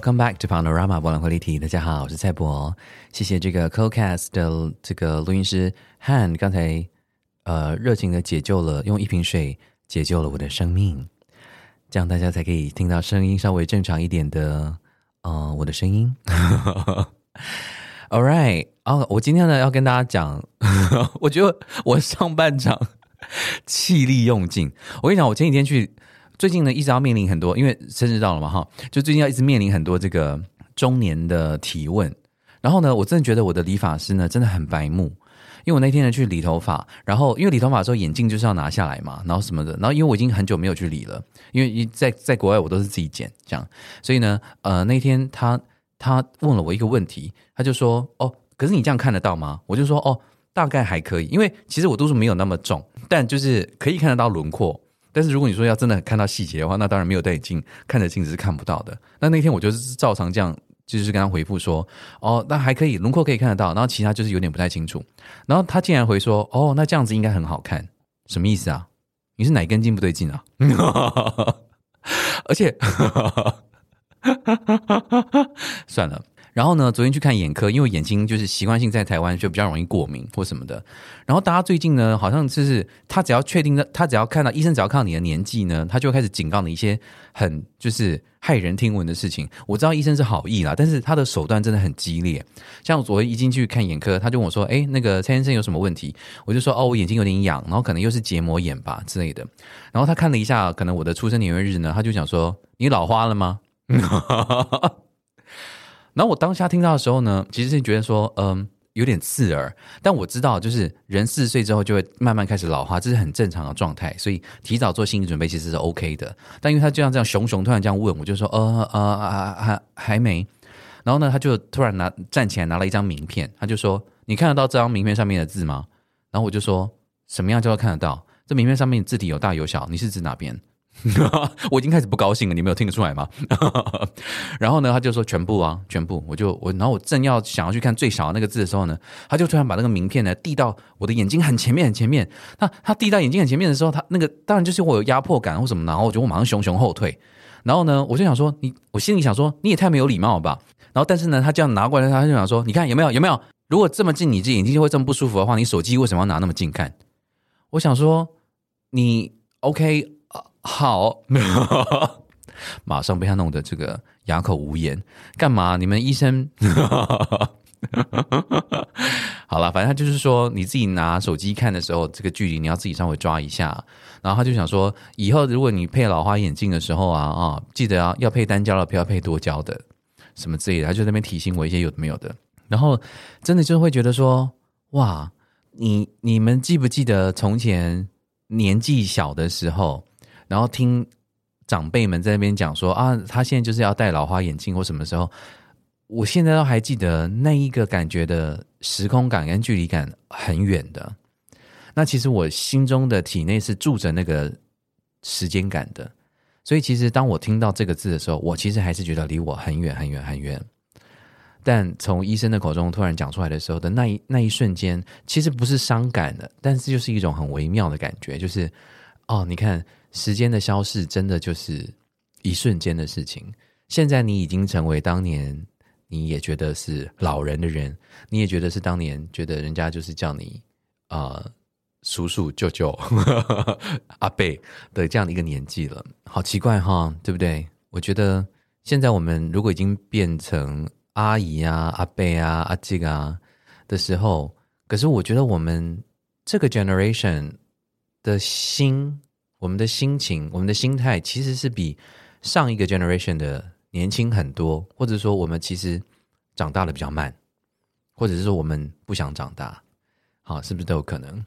Welcome back to Paonorama 柏覽會離題。大家好，我是蔡博。謝謝這個 CoCast 的這個錄音師 Han 剛才呃熱情的解救了，用一瓶水解救了我的生命，這樣大家才可以聽到聲音稍微正常一點的呃我的聲音。 *laughs* All right 啊，oh，我今天呢要跟大家講， *laughs* 我覺得我上半場氣力用盡。我跟你講，我前幾天去。最近呢，一直要面臨很多，因為生日到了嘛，哈，就最近要一直面臨很多這個中年的提問。然後呢，我真的覺得我的理髮師呢真的很白目，因為我那天呢去理頭髮，然後因為理頭髮的時候眼鏡就是要拿下來嘛，然後什麼的，然後因為我已經很久沒有去理了，因為在在國外我都是自己剪，這樣，所以呢，呃，那天他他問了我一個問題，他就說：“哦，可是你這樣看得到嗎？”我就說：“哦，大概還可以，因為其實我度數沒有那麼重，但就是可以看得到輪廓。”但是如果你說要真的看到細節的話，那當然沒有戴眼鏡看着鏡子是看不到的。那那天我就是照常這樣，就是跟他回復說：“哦，那還可以，輪廓可以看得到，然後其他就是有點不太清楚。”然後他竟然回說：“哦，那這樣子應該很好看，什麼意思啊？你是哪根筋不對勁啊？” *laughs* 而且，哈哈哈，算了。然後呢，昨天去看眼科，因為眼睛就是習慣性在台灣就比較容易過敏或什麼的。然後大家最近呢，好像就是他只要確定的，他只要看到醫生，只要看到你的年紀呢，他就會開始警告你一些很就是駭人聽聞的事情。我知道醫生是好意啦，但是他的手段真的很激烈。像我昨天一進去看眼科，他就問我說：“哎、欸，那個蔡先生有什麼問題？”我就說：“哦，我眼睛有點癢，然後可能又是結膜炎吧之類的。”然後他看了一下，可能我的出生年月日呢，他就想說：“你老花了嗎？” *laughs* 然後我當下聽到的時候呢，其實是覺得說，嗯，有點刺耳。但我知道，就是人四十歲之後就會慢慢開始老化，這是很正常的狀態，所以提早做心理準備其實是 OK 的。但因為他就像這樣，熊熊突然這樣問，我就說，呃呃啊啊，還還沒。然後呢，他就突然拿站起來拿了一張名片，他就說，你看得到這張名片上面的字嗎？然後我就說，什麼樣叫做看得到？這名片上面字體有大有小，你是指哪邊？ *laughs* 我已經開始不高興了，你沒有聽得出來嗎？ *laughs* 然後呢，他就說全部啊，全部。我就我，然後我正要想要去看最小的那個字的時候呢，他就突然把那個名片呢遞到我的眼睛很前面，很前面。那他,他遞到眼睛很前面的時候，他那個當然就是我有壓迫感或什麼，然後我就馬上熊熊後退。然後呢，我就想說你，我心裡想說你也太沒有禮貌了吧。然後但是呢，他這樣拿過來，他就想說你看有沒有有沒有？如果這麼近你自己眼睛就會這麼不舒服的話，你手機為什麼要拿那麼近看？我想說你 OK。好，哈哈哈，馬上被他弄得這個啞口無言。幹嘛？你們醫生哈哈哈， *laughs* 好了，反正他就是說，你自己拿手機看的時候，這個距離你要自己稍微抓一下。然後他就想說，以後如果你配老花眼鏡的時候啊啊、哦，記得要要配單焦的，不要配多焦的，什麼之類的。他就在那邊提醒我一些有的沒有的。然後真的就會覺得說，哇，你你們記不記得從前年紀小的時候？然後聽長輩們在那邊講說啊，他現在就是要戴老花眼鏡或什麼時候，我現在都還記得那一個感覺的時空感跟距離感很遠的。那其實我心中的體內是住着那個時間感的，所以其實當我聽到這個字的時候，我其實還是覺得離我很遠很遠很遠。但從醫生的口中突然講出來的時候的那一、那一瞬間，其實不是傷感的，但是就是一種很微妙的感覺，就是哦，你看。時間的消逝，真的就是一瞬間的事情。現在你已經成為當年你也覺得是老人的人，你也覺得是當年覺得人家就是叫你啊、呃、叔叔、舅舅、 *laughs* 阿伯的這樣的一個年紀了，好奇怪哈、哦，對不對？我覺得現在我們如果已經變成阿姨啊、阿伯啊、阿吉啊的時候，可是我覺得我們這個 generation 的心。我們的心情，我們的心態，其實是比上一個 generation 的年輕很多，或者說我們其實長大的比較慢，或者是說我們不想長大，好、啊，是不是都有可能？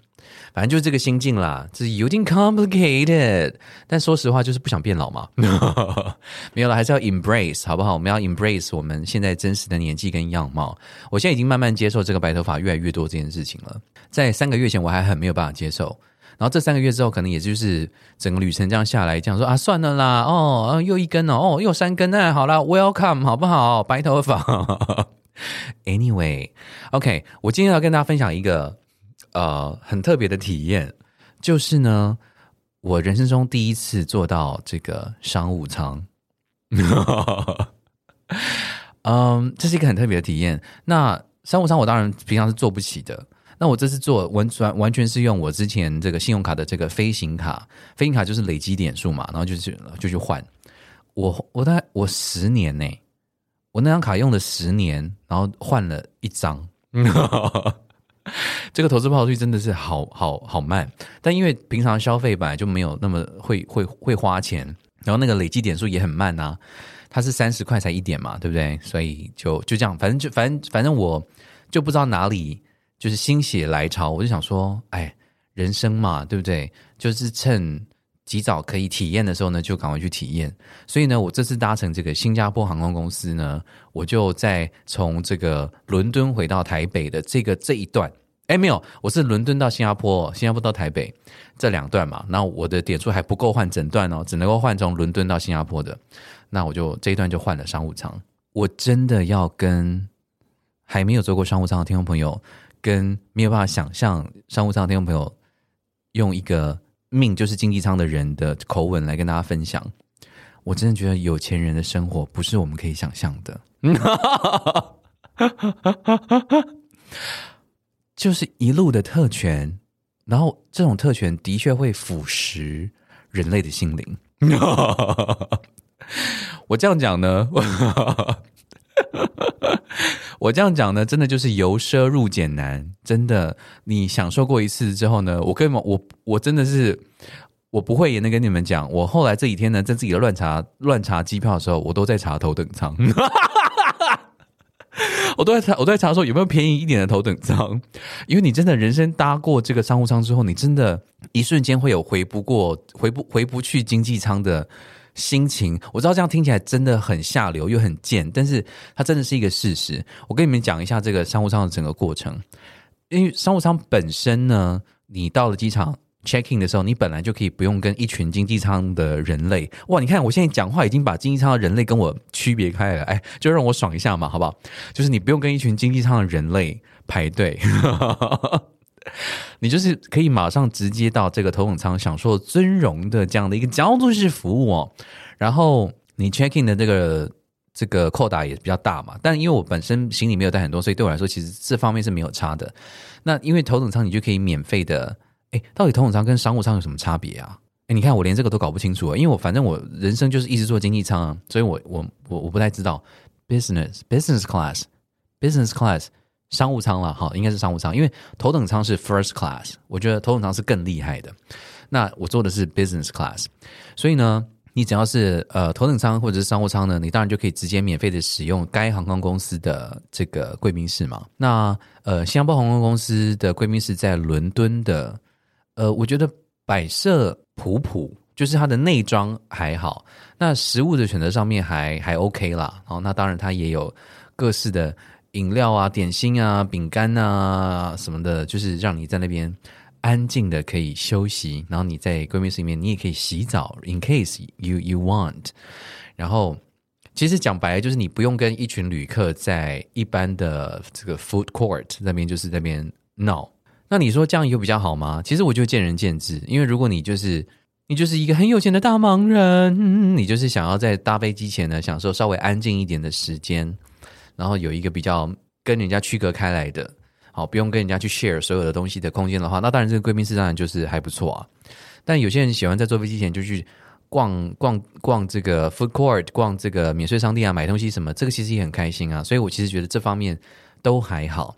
反正就是這個心境啦，這是有點 complicated。但說實話，就是不想變老嘛， *laughs* 沒有了，還是要 embrace，好不好？我們要 embrace 我們現在真實的年紀跟樣貌。我現在已經慢慢接受這個白頭髮越來越多這件事情了，在三個月前我還很沒有辦法接受。然後這三個月之後，可能也就是整個旅程這樣下來，這樣說啊，算了啦，哦，又一根了哦，又三根哎、啊，好啦，welcome，好不好？白頭髮。 *laughs* Anyway，OK、okay，我今天要跟大家分享一個呃很特別的體驗，就是呢，我人生中第一次坐到這個商務艙。 *laughs* 嗯，這是一個很特別的體驗。那商務艙，我當然平常是坐不起的。那我這次做完全完全是用我之前這個信用卡的這個飛行卡，飛行卡就是累積點數嘛，然後就去就去換，我我大概我十年呢、欸，我那張卡用了十年，然後換了一張， *laughs* *laughs* 這個投資報酬率真的是好好好慢，但因為平常消費本來就沒有那麼會會會花錢，然後那個累積點數也很慢啊，它是三十塊才一點嘛，對不對？所以就就這樣，反正就反正反正我就不知道哪裡。就是心血來潮，我就想說，哎，人生嘛，對不對？就是趁及早可以體驗的時候呢，就趕快去體驗。所以呢，我這次搭乘這個新加坡航空公司呢，我就在從這個倫敦回到台北的這個這一段，哎，沒有，我是倫敦到新加坡，新加坡到台北這兩段嘛。那我的點數還不夠換整段哦，只能夠換從倫敦到新加坡的。那我就這一段就換了商務艙。我真的要跟還沒有坐過商務艙的聽眾朋友。跟沒有辦法想象，商務艙的聽眾朋友，用一個命，就是經濟艙的人的口吻來跟大家分享，我真的覺得有錢人的生活不是我們可以想象的， *laughs* 就是一路的特權，然後這種特權的確會腐蝕人類的心靈。 *laughs* 我這樣講呢？ *laughs* *laughs* 我這樣講呢，真的就是由奢入儉難，真的。你享受過一次之後呢，我根本，我我真的是，我不會，也能跟你們講。我後來這幾天呢，在自己的亂查亂查機票的時候，我都在查頭等艙， *laughs* 我都在查，我都在查說有沒有便宜一點的頭等艙。因為你真的人生搭過這個商務艙之後，你真的一瞬間會有回不過、回不回不去經濟艙的。心情。我知道這樣聽起來真的很下流又很賤，但是它真的是一個事實。我跟你們講一下這個商務艙的整個過程，因為商務艙本身呢，你到了機場 checking 的時候，你本來就可以不用跟一群經濟艙的人類哇！你看我現在講話已經把經濟艙的人類跟我區別開了，哎，就讓我爽一下嘛，好不好？就是你不用跟一群經濟艙的人類排隊。 *laughs* 你就是可以馬上直接到這個頭等艙享受尊榮的這樣的一個角度式服務哦。然後你 check in 的這個這個扣打也比較大嘛。但因為我本身行李沒有帶很多，所以對我來說其實這方面是沒有差的。那因為頭等艙你就可以免費的。誒，到底頭等艙跟商務艙有什麼差別啊？誒，你看我連這個都搞不清楚，因為我反正我人生就是一直做經濟艙，所以我我我我不太知道 business business class business class。商務艙啦，好，應該是商務艙，因為頭等艙是 first class，我覺得頭等艙是更厲害的。那我坐的是 business class，所以呢，你只要是呃頭等艙或者是商務艙呢，你當然就可以直接免費的使用該航空公司的這個貴賓室嘛。那呃，新加坡航空公司的貴賓室在倫敦的，呃，我覺得擺設普普，就是它的內裝還好，那食物的選擇上面還還 OK 啦。好，那當然它也有各式的。飲料啊，點心啊，餅乾啊，什麼的，就是讓你在那邊安靜的可以休息。然後你在貴賓室裡面，你也可以洗澡。In case you you want。然後，其實講白了，就是你不用跟一群旅客在一般的這個 food court 那邊，就是那邊鬧。那你說這樣又比較好嗎？其實我就見仁見智。因為如果你就是你就是一個很有錢的大忙人，嗯，你就是想要在搭飛機前呢，享受稍微安靜一點的時間。然後有一個比較跟人家區隔開來的好，不用跟人家去 share 所有的東西的空間的話，那當然這個貴賓室當然就是還不錯啊。但有些人喜歡在坐飛機前就去逛逛逛這個 food court、逛這個免稅商店啊，買東西什麼，這個其實也很開心啊。所以我其實覺得這方面都還好。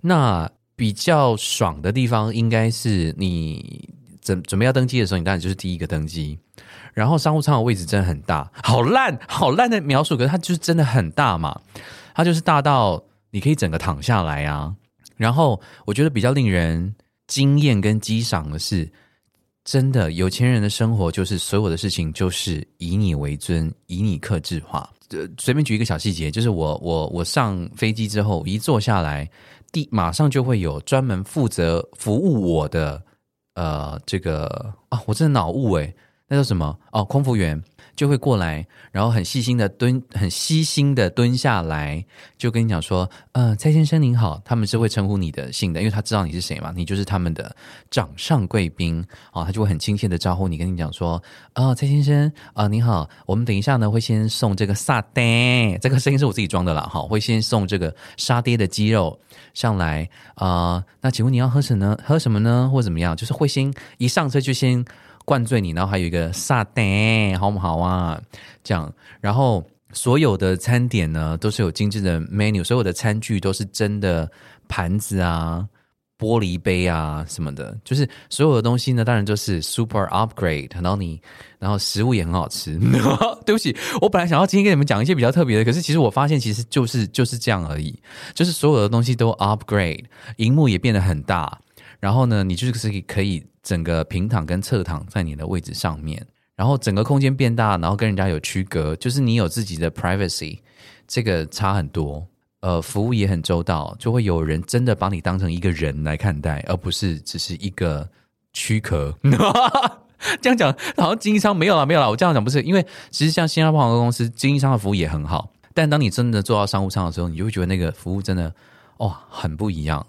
那比較爽的地方應該是你準準備要登機的時候，你當然就是第一個登機。然後商務艙的位置真的很大，好爛好爛的描述，可是它就是真的很大嘛。它就是大到你可以整個躺下來啊，然後我覺得比較令人驚豔跟激賞的是，真的有錢人的生活就是所有的事情就是以你為尊，以你客製化。呃，隨便舉一個小細節，就是我我我上飛機之後一坐下來，第，馬上就會有專門負責服務我的呃這個啊，我真的腦霧誒、欸，那叫什麼哦，空服員。就會過來，然後很細心的蹲，很細心的蹲下來，就跟你講說：“嗯、呃，蔡先生您好。”他們是會稱呼你的姓的，因為他知道你是誰嘛，你就是他們的掌上貴賓啊、哦，他就會很親切的招呼你，跟你講說：“哦、呃，蔡先生啊、呃，你好，我們等一下呢會先送這個沙爹，這個聲音是我自己裝的啦，哈、哦，會先送這個沙爹的雞肉上來啊、呃，那請問你要喝什麼呢？喝什麼呢？或者怎麼樣？就是會先一上車就先。”灌醉你，然後還有一個撒旦，好不好啊？這樣，然後所有的餐點呢都是有精致的 menu，所有的餐具都是真的盤子啊、玻璃杯啊什麼的，就是所有的東西呢，當然就是 super upgrade。然後你，然後食物也很好吃。 *laughs* 對不起，我本來想要今天跟你們講一些比較特別的，可是其實我發現其實就是就是這樣而已，就是所有的東西都 upgrade，螢幕也變得很大。然後呢，你就是可以可以整個平躺跟側躺在你的位置上面，然後整個空間變大，然後跟人家有區隔，就是你有自己的 privacy，這個差很多。呃，服務也很周到，就會有人真的把你當成一個人來看待，而不是只是一個軀殼。 *laughs* 這樣講，然後經營商沒有了，沒有了。我這樣講不是因為，其實像新加坡航空公司經營商的服務也很好，但當你真的做到商務艙的時候，你就會覺得那個服務真的哇、哦、很不一樣。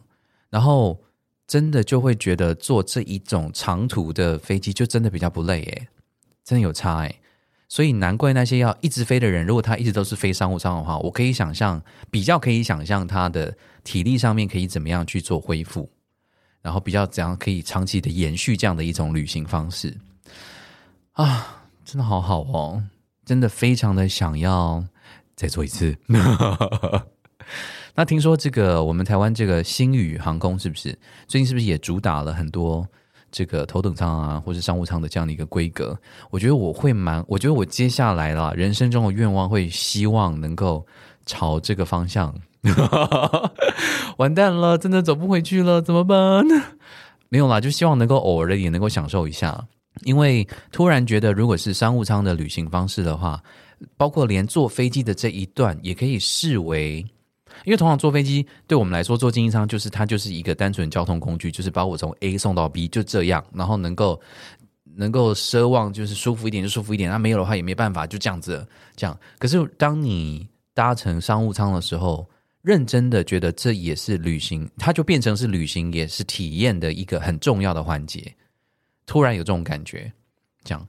然後。真的就會覺得坐這一種長途的飛機就真的比較不累耶，欸。真的有差哎，欸，所以難怪那些要一直飛的人，如果他一直都是飛商務艙的話，我可以想象，比較可以想象他的體力上面可以怎麼樣去做恢復，然後比較怎樣可以長期的延續這樣的一種旅行方式啊，真的好好哦，喔，真的非常的想要再做一次。 *laughs* 那聽說這個我們台灣這個星宇航空是不是最近是不是也主打了很多這個頭等艙啊，或是商務艙的這樣的一個規格？我覺得我會蠻，我覺得我接下來啦人生中的願望會希望能夠朝這個方向。 *laughs* 完蛋了，真的走不回去了，怎麼辦呢？沒有啦，就希望能夠偶爾也能夠享受一下，因為突然覺得如果是商務艙的旅行方式的話，包括連坐飛機的這一段也可以視為。因為通常坐飛機對我們來說，坐經濟艙就是它就是一個單純交通工具，就是把我從 A 送到 B 就這樣，然後能夠能夠奢望，就是舒服一點就舒服一點，那，啊，沒有的話也沒辦法就這樣子這樣。可是當你搭乘商務艙的時候，認真的覺得這也是旅行，它就變成是旅行也是體驗的一個很重要的環節。突然有這種感覺，這樣，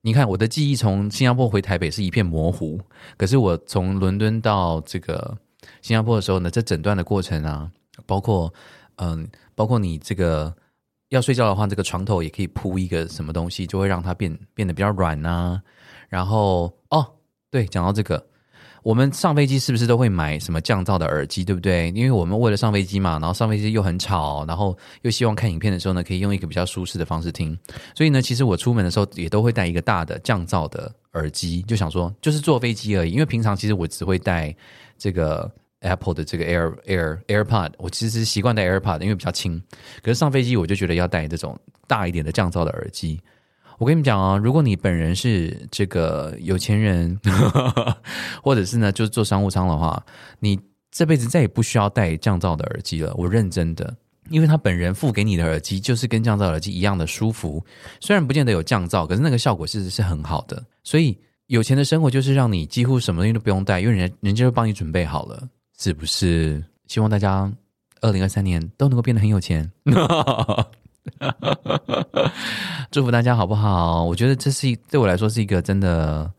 你看我的記憶從新加坡回台北是一片模糊，可是我從倫敦到這個。新加坡的時候呢，這診斷的過程啊，包括嗯，包括你這個要睡覺的話，這個床頭也可以鋪一個什麼東西，就會讓它變變得比較軟啊。然後哦，對，講到這個，我們上飛機是不是都會買什麼降噪的耳機，對不對？因為我們為了上飛機嘛，然後上飛機又很吵，然後又希望看影片的時候呢，可以用一個比較舒適的方式聽。所以呢，其實我出門的時候也都會帶一個大的降噪的耳機，就想說就是坐飛機而已。因為平常其實我只會帶。這個 Apple 的這個 Air Air AirPod，我其實習慣戴 AirPod，因為比較輕。可是上飛機我就覺得要戴這種大一點的降噪的耳機。我跟你們講哦、啊，如果你本人是這個有錢人，呵呵或者是呢就是坐商務艙的話，你這輩子再也不需要戴降噪的耳機了。我認真的，因為他本人付給你的耳機就是跟降噪耳機一樣的舒服，雖然不見得有降噪，可是那個效果其實是很好的。所以。有錢的生活就是讓你幾乎什麼東西都不用帶，因為人人家都幫你準備好了，是不是？希望大家二零二三年都能夠變得很有錢， *laughs* 祝福大家好不好？我覺得這是對我來說是一個真的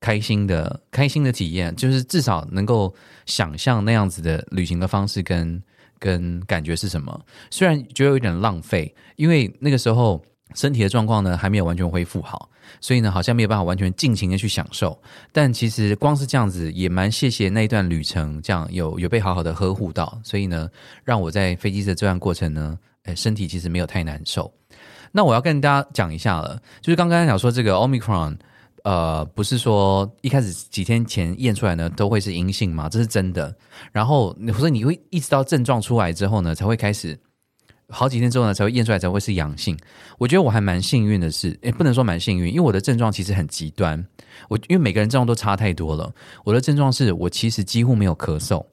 開心的、開心的體驗，就是至少能夠想象那樣子的旅行的方式跟跟感覺是什麼。雖然覺得有點浪費，因為那個時候身體的狀況呢還沒有完全恢復好。所以呢，好像沒有辦法完全盡情的去享受，但其實光是這樣子也蠻謝謝那一段旅程，這樣有有被好好的呵護到，所以呢，讓我在飛機的這段過程呢，哎，身體其實沒有太難受。那我要跟大家講一下了，就是剛剛想講說這個 Omicron，呃，不是說一開始幾天前驗出來呢都會是陰性嘛，這是真的。然後，或者你會一直到症狀出來之後呢，才會開始。好幾天之後呢，才會驗出來才會是陽性。我覺得我還蠻幸運的是，誒，不能說蠻幸運，因為我的症狀其實很極端。我因為每個人症狀都差太多了，我的症狀是我其實幾乎沒有咳嗽，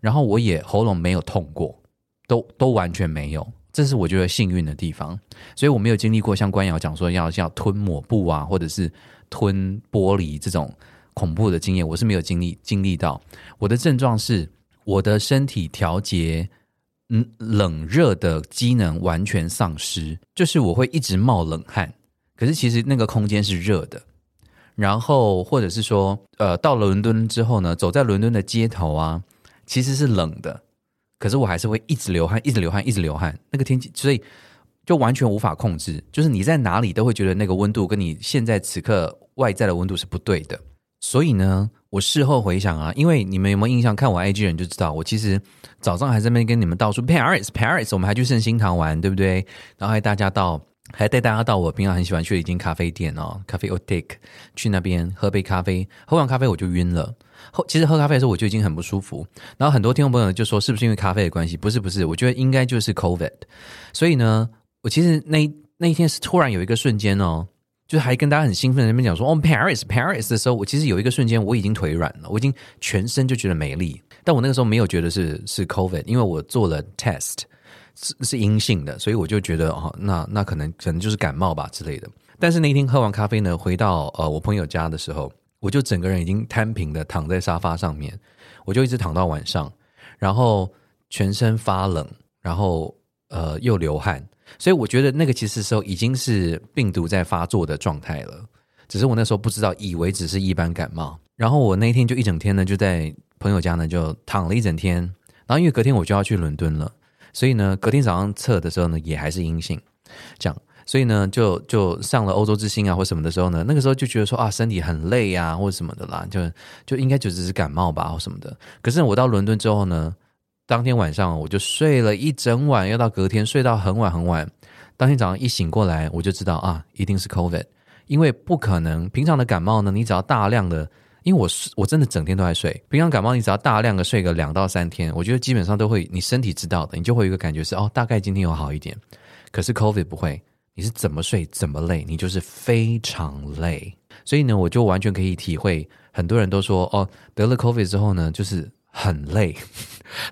然後我也喉嚨沒有痛過，都都完全沒有，這是我覺得幸運的地方。所以我沒有經歷過像官瑤講說要要吞抹布啊，或者是吞玻璃這種恐怖的經驗，我是沒有經歷經歷到。我的症狀是，我的身體調節。嗯，冷熱的機能完全喪失，就是我會一直冒冷汗，可是其實那個空間是熱的。然後，或者是說，呃，到了倫敦之後呢，走在倫敦的街頭啊，其實是冷的，可是我還是會一直流汗，一直流汗，一直流汗。那個天氣，所以就完全無法控制。就是你在哪裡都會覺得那個溫度跟你現在此刻外在的溫度是不對的。所以呢，我事後回想啊，因為你們有沒有印象？看我 IG 人就知道，我其實早上還在那邊跟你們到處 Paris Paris，我們還去聖心堂玩，對不對？然後還大家到，還帶大家到我平常很喜歡去的一間咖啡店哦，咖啡 Otake，去那邊喝杯咖啡。喝完咖啡我就暈了。後其實喝咖啡的時候我就已經很不舒服。然後很多聽眾朋友就說，是不是因為咖啡的關係？不是，不是，我覺得應該就是 COVID。所以呢，我其實那那一天是突然有一個瞬間哦。就還跟大家很興奮的那邊講說，哦，Paris，Paris 的時候，我其實有一個瞬間我已經腿軟了，我已經全身就覺得沒力，但我那個時候沒有覺得是是 COVID，因為我做了 test 是是陰性的，所以我就覺得哦，那那可能可能就是感冒吧之類的。但是那天喝完咖啡呢，回到呃我朋友家的時候，我就整個人已經攤平的躺在沙發上面，我就一直躺到晚上，然後全身發冷，然後呃又流汗。所以我覺得那個其實時候已經是病毒在發作的狀態了，只是我那時候不知道，以為只是一般感冒。然後我那一天就一整天呢就在朋友家呢就躺了一整天，然後因為隔天我就要去倫敦了，所以呢隔天早上測的時候呢也還是陰性，這樣，所以呢就就上了歐洲之星啊或什麼的時候呢，那個時候就覺得說啊身體很累啊或者什麼的啦，就就應該就只是感冒吧或什麼的。可是我到倫敦之後呢。當天晚上我就睡了一整晚，要到隔天睡到很晚很晚。當天早上一醒過來，我就知道啊，一定是 COVID，因為不可能平常的感冒呢，你只要大量的，因為我是我真的整天都在睡，平常感冒你只要大量的睡個兩到三天，我覺得基本上都會，你身體知道的，你就會有一個感覺是哦，大概今天有好一點。可是 COVID 不會，你是怎麼睡怎麼累，你就是非常累。所以呢，我就完全可以體會，很多人都說哦，得了 COVID 之後呢，就是很累。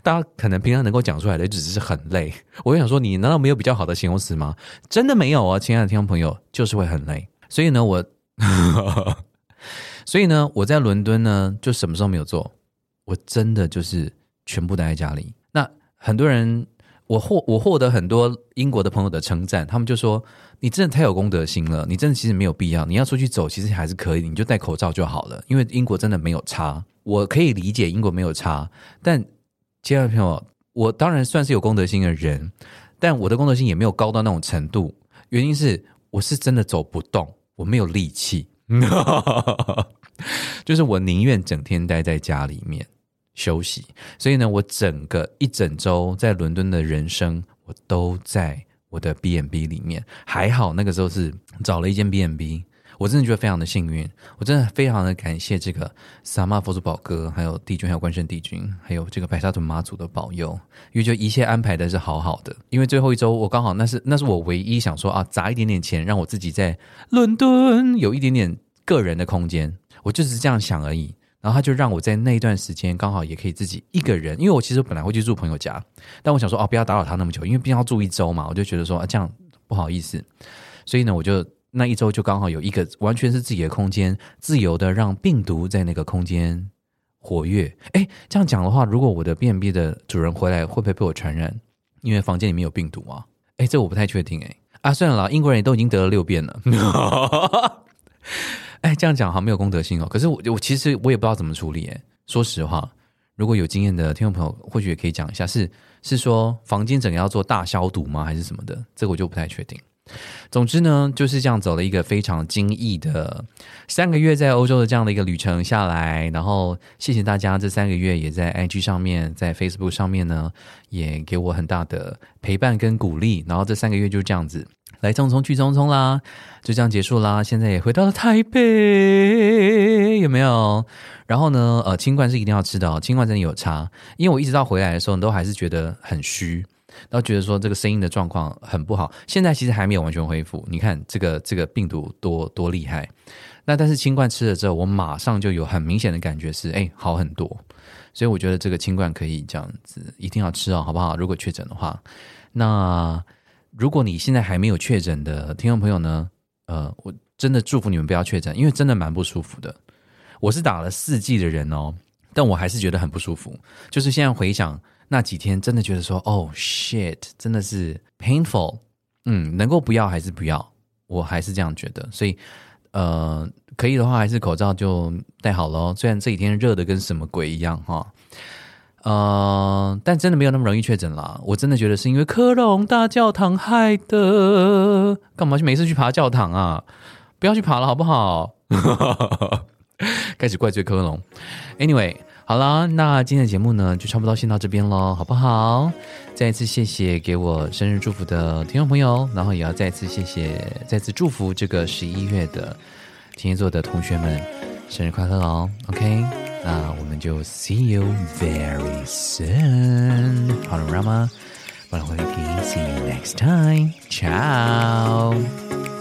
大家可能平常能夠講出來的，只是很累。我就想說，你難道沒有比較好的形容詞嗎？真的沒有啊，親愛的聽眾朋友，就是會很累。所以呢，我 *laughs* *laughs* 所以呢，我在倫敦呢，就什麼時候沒有做，我真的就是全部待在家裡。那很多人，我獲我獲得很多英國的朋友的稱讚，他們就說：“你真的太有公德心了，你真的其實沒有必要，你要出去走，其實還是可以，你就戴口罩就好了，因為英國真的沒有差。”我可以理解英國沒有差，但。親愛的，朋友，我當然算是有公德心的人，但我的公德心也沒有高到那種程度。原因是我是真的走不動，我沒有力氣， *laughs* 就是我寧願整天待在家裡面休息。所以呢，我整個一整周在倫敦的人生，我都在我的 B&B 裡面。還好那個時候是找了一間 B&B。我真的覺得非常的幸運，我真的非常的感謝這個薩媽佛祖寶哥，還有帝君，還有關聖帝君，還有這個白沙屯媽祖的保佑，因為就一切安排的是好好的。因為最後一周我剛好那是那是我唯一想說啊，砸一點點錢讓我自己在倫敦有一點點個人的空間，我就是這樣想而已。然後他就讓我在那一段時間剛好也可以自己一個人，因為我其實本來會去住朋友家，但我想說哦、啊，不要打擾他那麼久，因為畢竟要住一周嘛，我就覺得說啊，這樣不好意思，所以呢我就。那一週就剛好有一個完全是自己的空間，自由的讓病毒在那個空間活躍。哎、欸，這樣講的話，如果我的 B&B 的主人回來，會不會被我傳染？因為房間裡面有病毒嗎？哎、欸，這我不太確定、欸。哎，啊，算了啦，英國人都已經得了六遍了。哎 *laughs* *laughs* 、欸，這樣講好沒有公德心哦、喔。可是我我其實我也不知道怎麼處理、欸。哎，說實話，如果有經驗的聽眾朋友，或許也可以講一下，是是說房間整個要做大消毒嗎，還是什麼的？這個我就不太確定。總之呢，就是這樣走了一個非常驚異的三個月，在歐洲的這樣的一個旅程下來，然後謝謝大家這三個月也在 IG 上面，在 Facebook 上面呢，也給我很大的陪伴跟鼓勵。然後這三個月就這樣子來匆匆去匆匆啦，就這樣結束啦。現在也回到了台北，有沒有？然後呢，呃，清冠是一定要吃的哦，清冠真的有差，因為我一直到回來的時候，你都還是覺得很虛。然後覺得說這個聲音的狀況很不好，現在其實還沒有完全恢復。你看這個這個病毒多多厲害，那但是清冠吃了之後，我馬上就有很明顯的感覺是，誒、欸，好很多。所以我覺得這個清冠可以這樣子，一定要吃哦，好不好？如果確診的話，那如果你現在還沒有確診的聽眾朋友呢，呃，我真的祝福你們不要確診，因為真的蠻不舒服的。我是打了四劑的人哦，但我還是覺得很不舒服，就是現在回想。那幾天真的覺得說，哦，shit，真的是 painful，嗯，能夠不要還是不要，我還是這樣覺得。所以，呃，可以的話還是口罩就戴好咯。雖然這幾天熱得跟什麼鬼一樣哈，呃，但真的沒有那麼容易確診啦。我真的覺得是因為科隆大教堂害的，幹嘛去沒事去爬教堂啊？不要去爬了好不好？ *laughs* 開始怪罪科隆。Anyway。好了，那今天的節目呢，就差不多先到這邊嘍，好不好？再一次謝謝給我生日祝福的聽眾朋友，然後也要再一次謝謝，再次祝福這個十一月的天蠍座的同學們，生日快樂哦！OK，那我們就 See you very soon，Paonorama，Paonorama，See you next time，Ciao。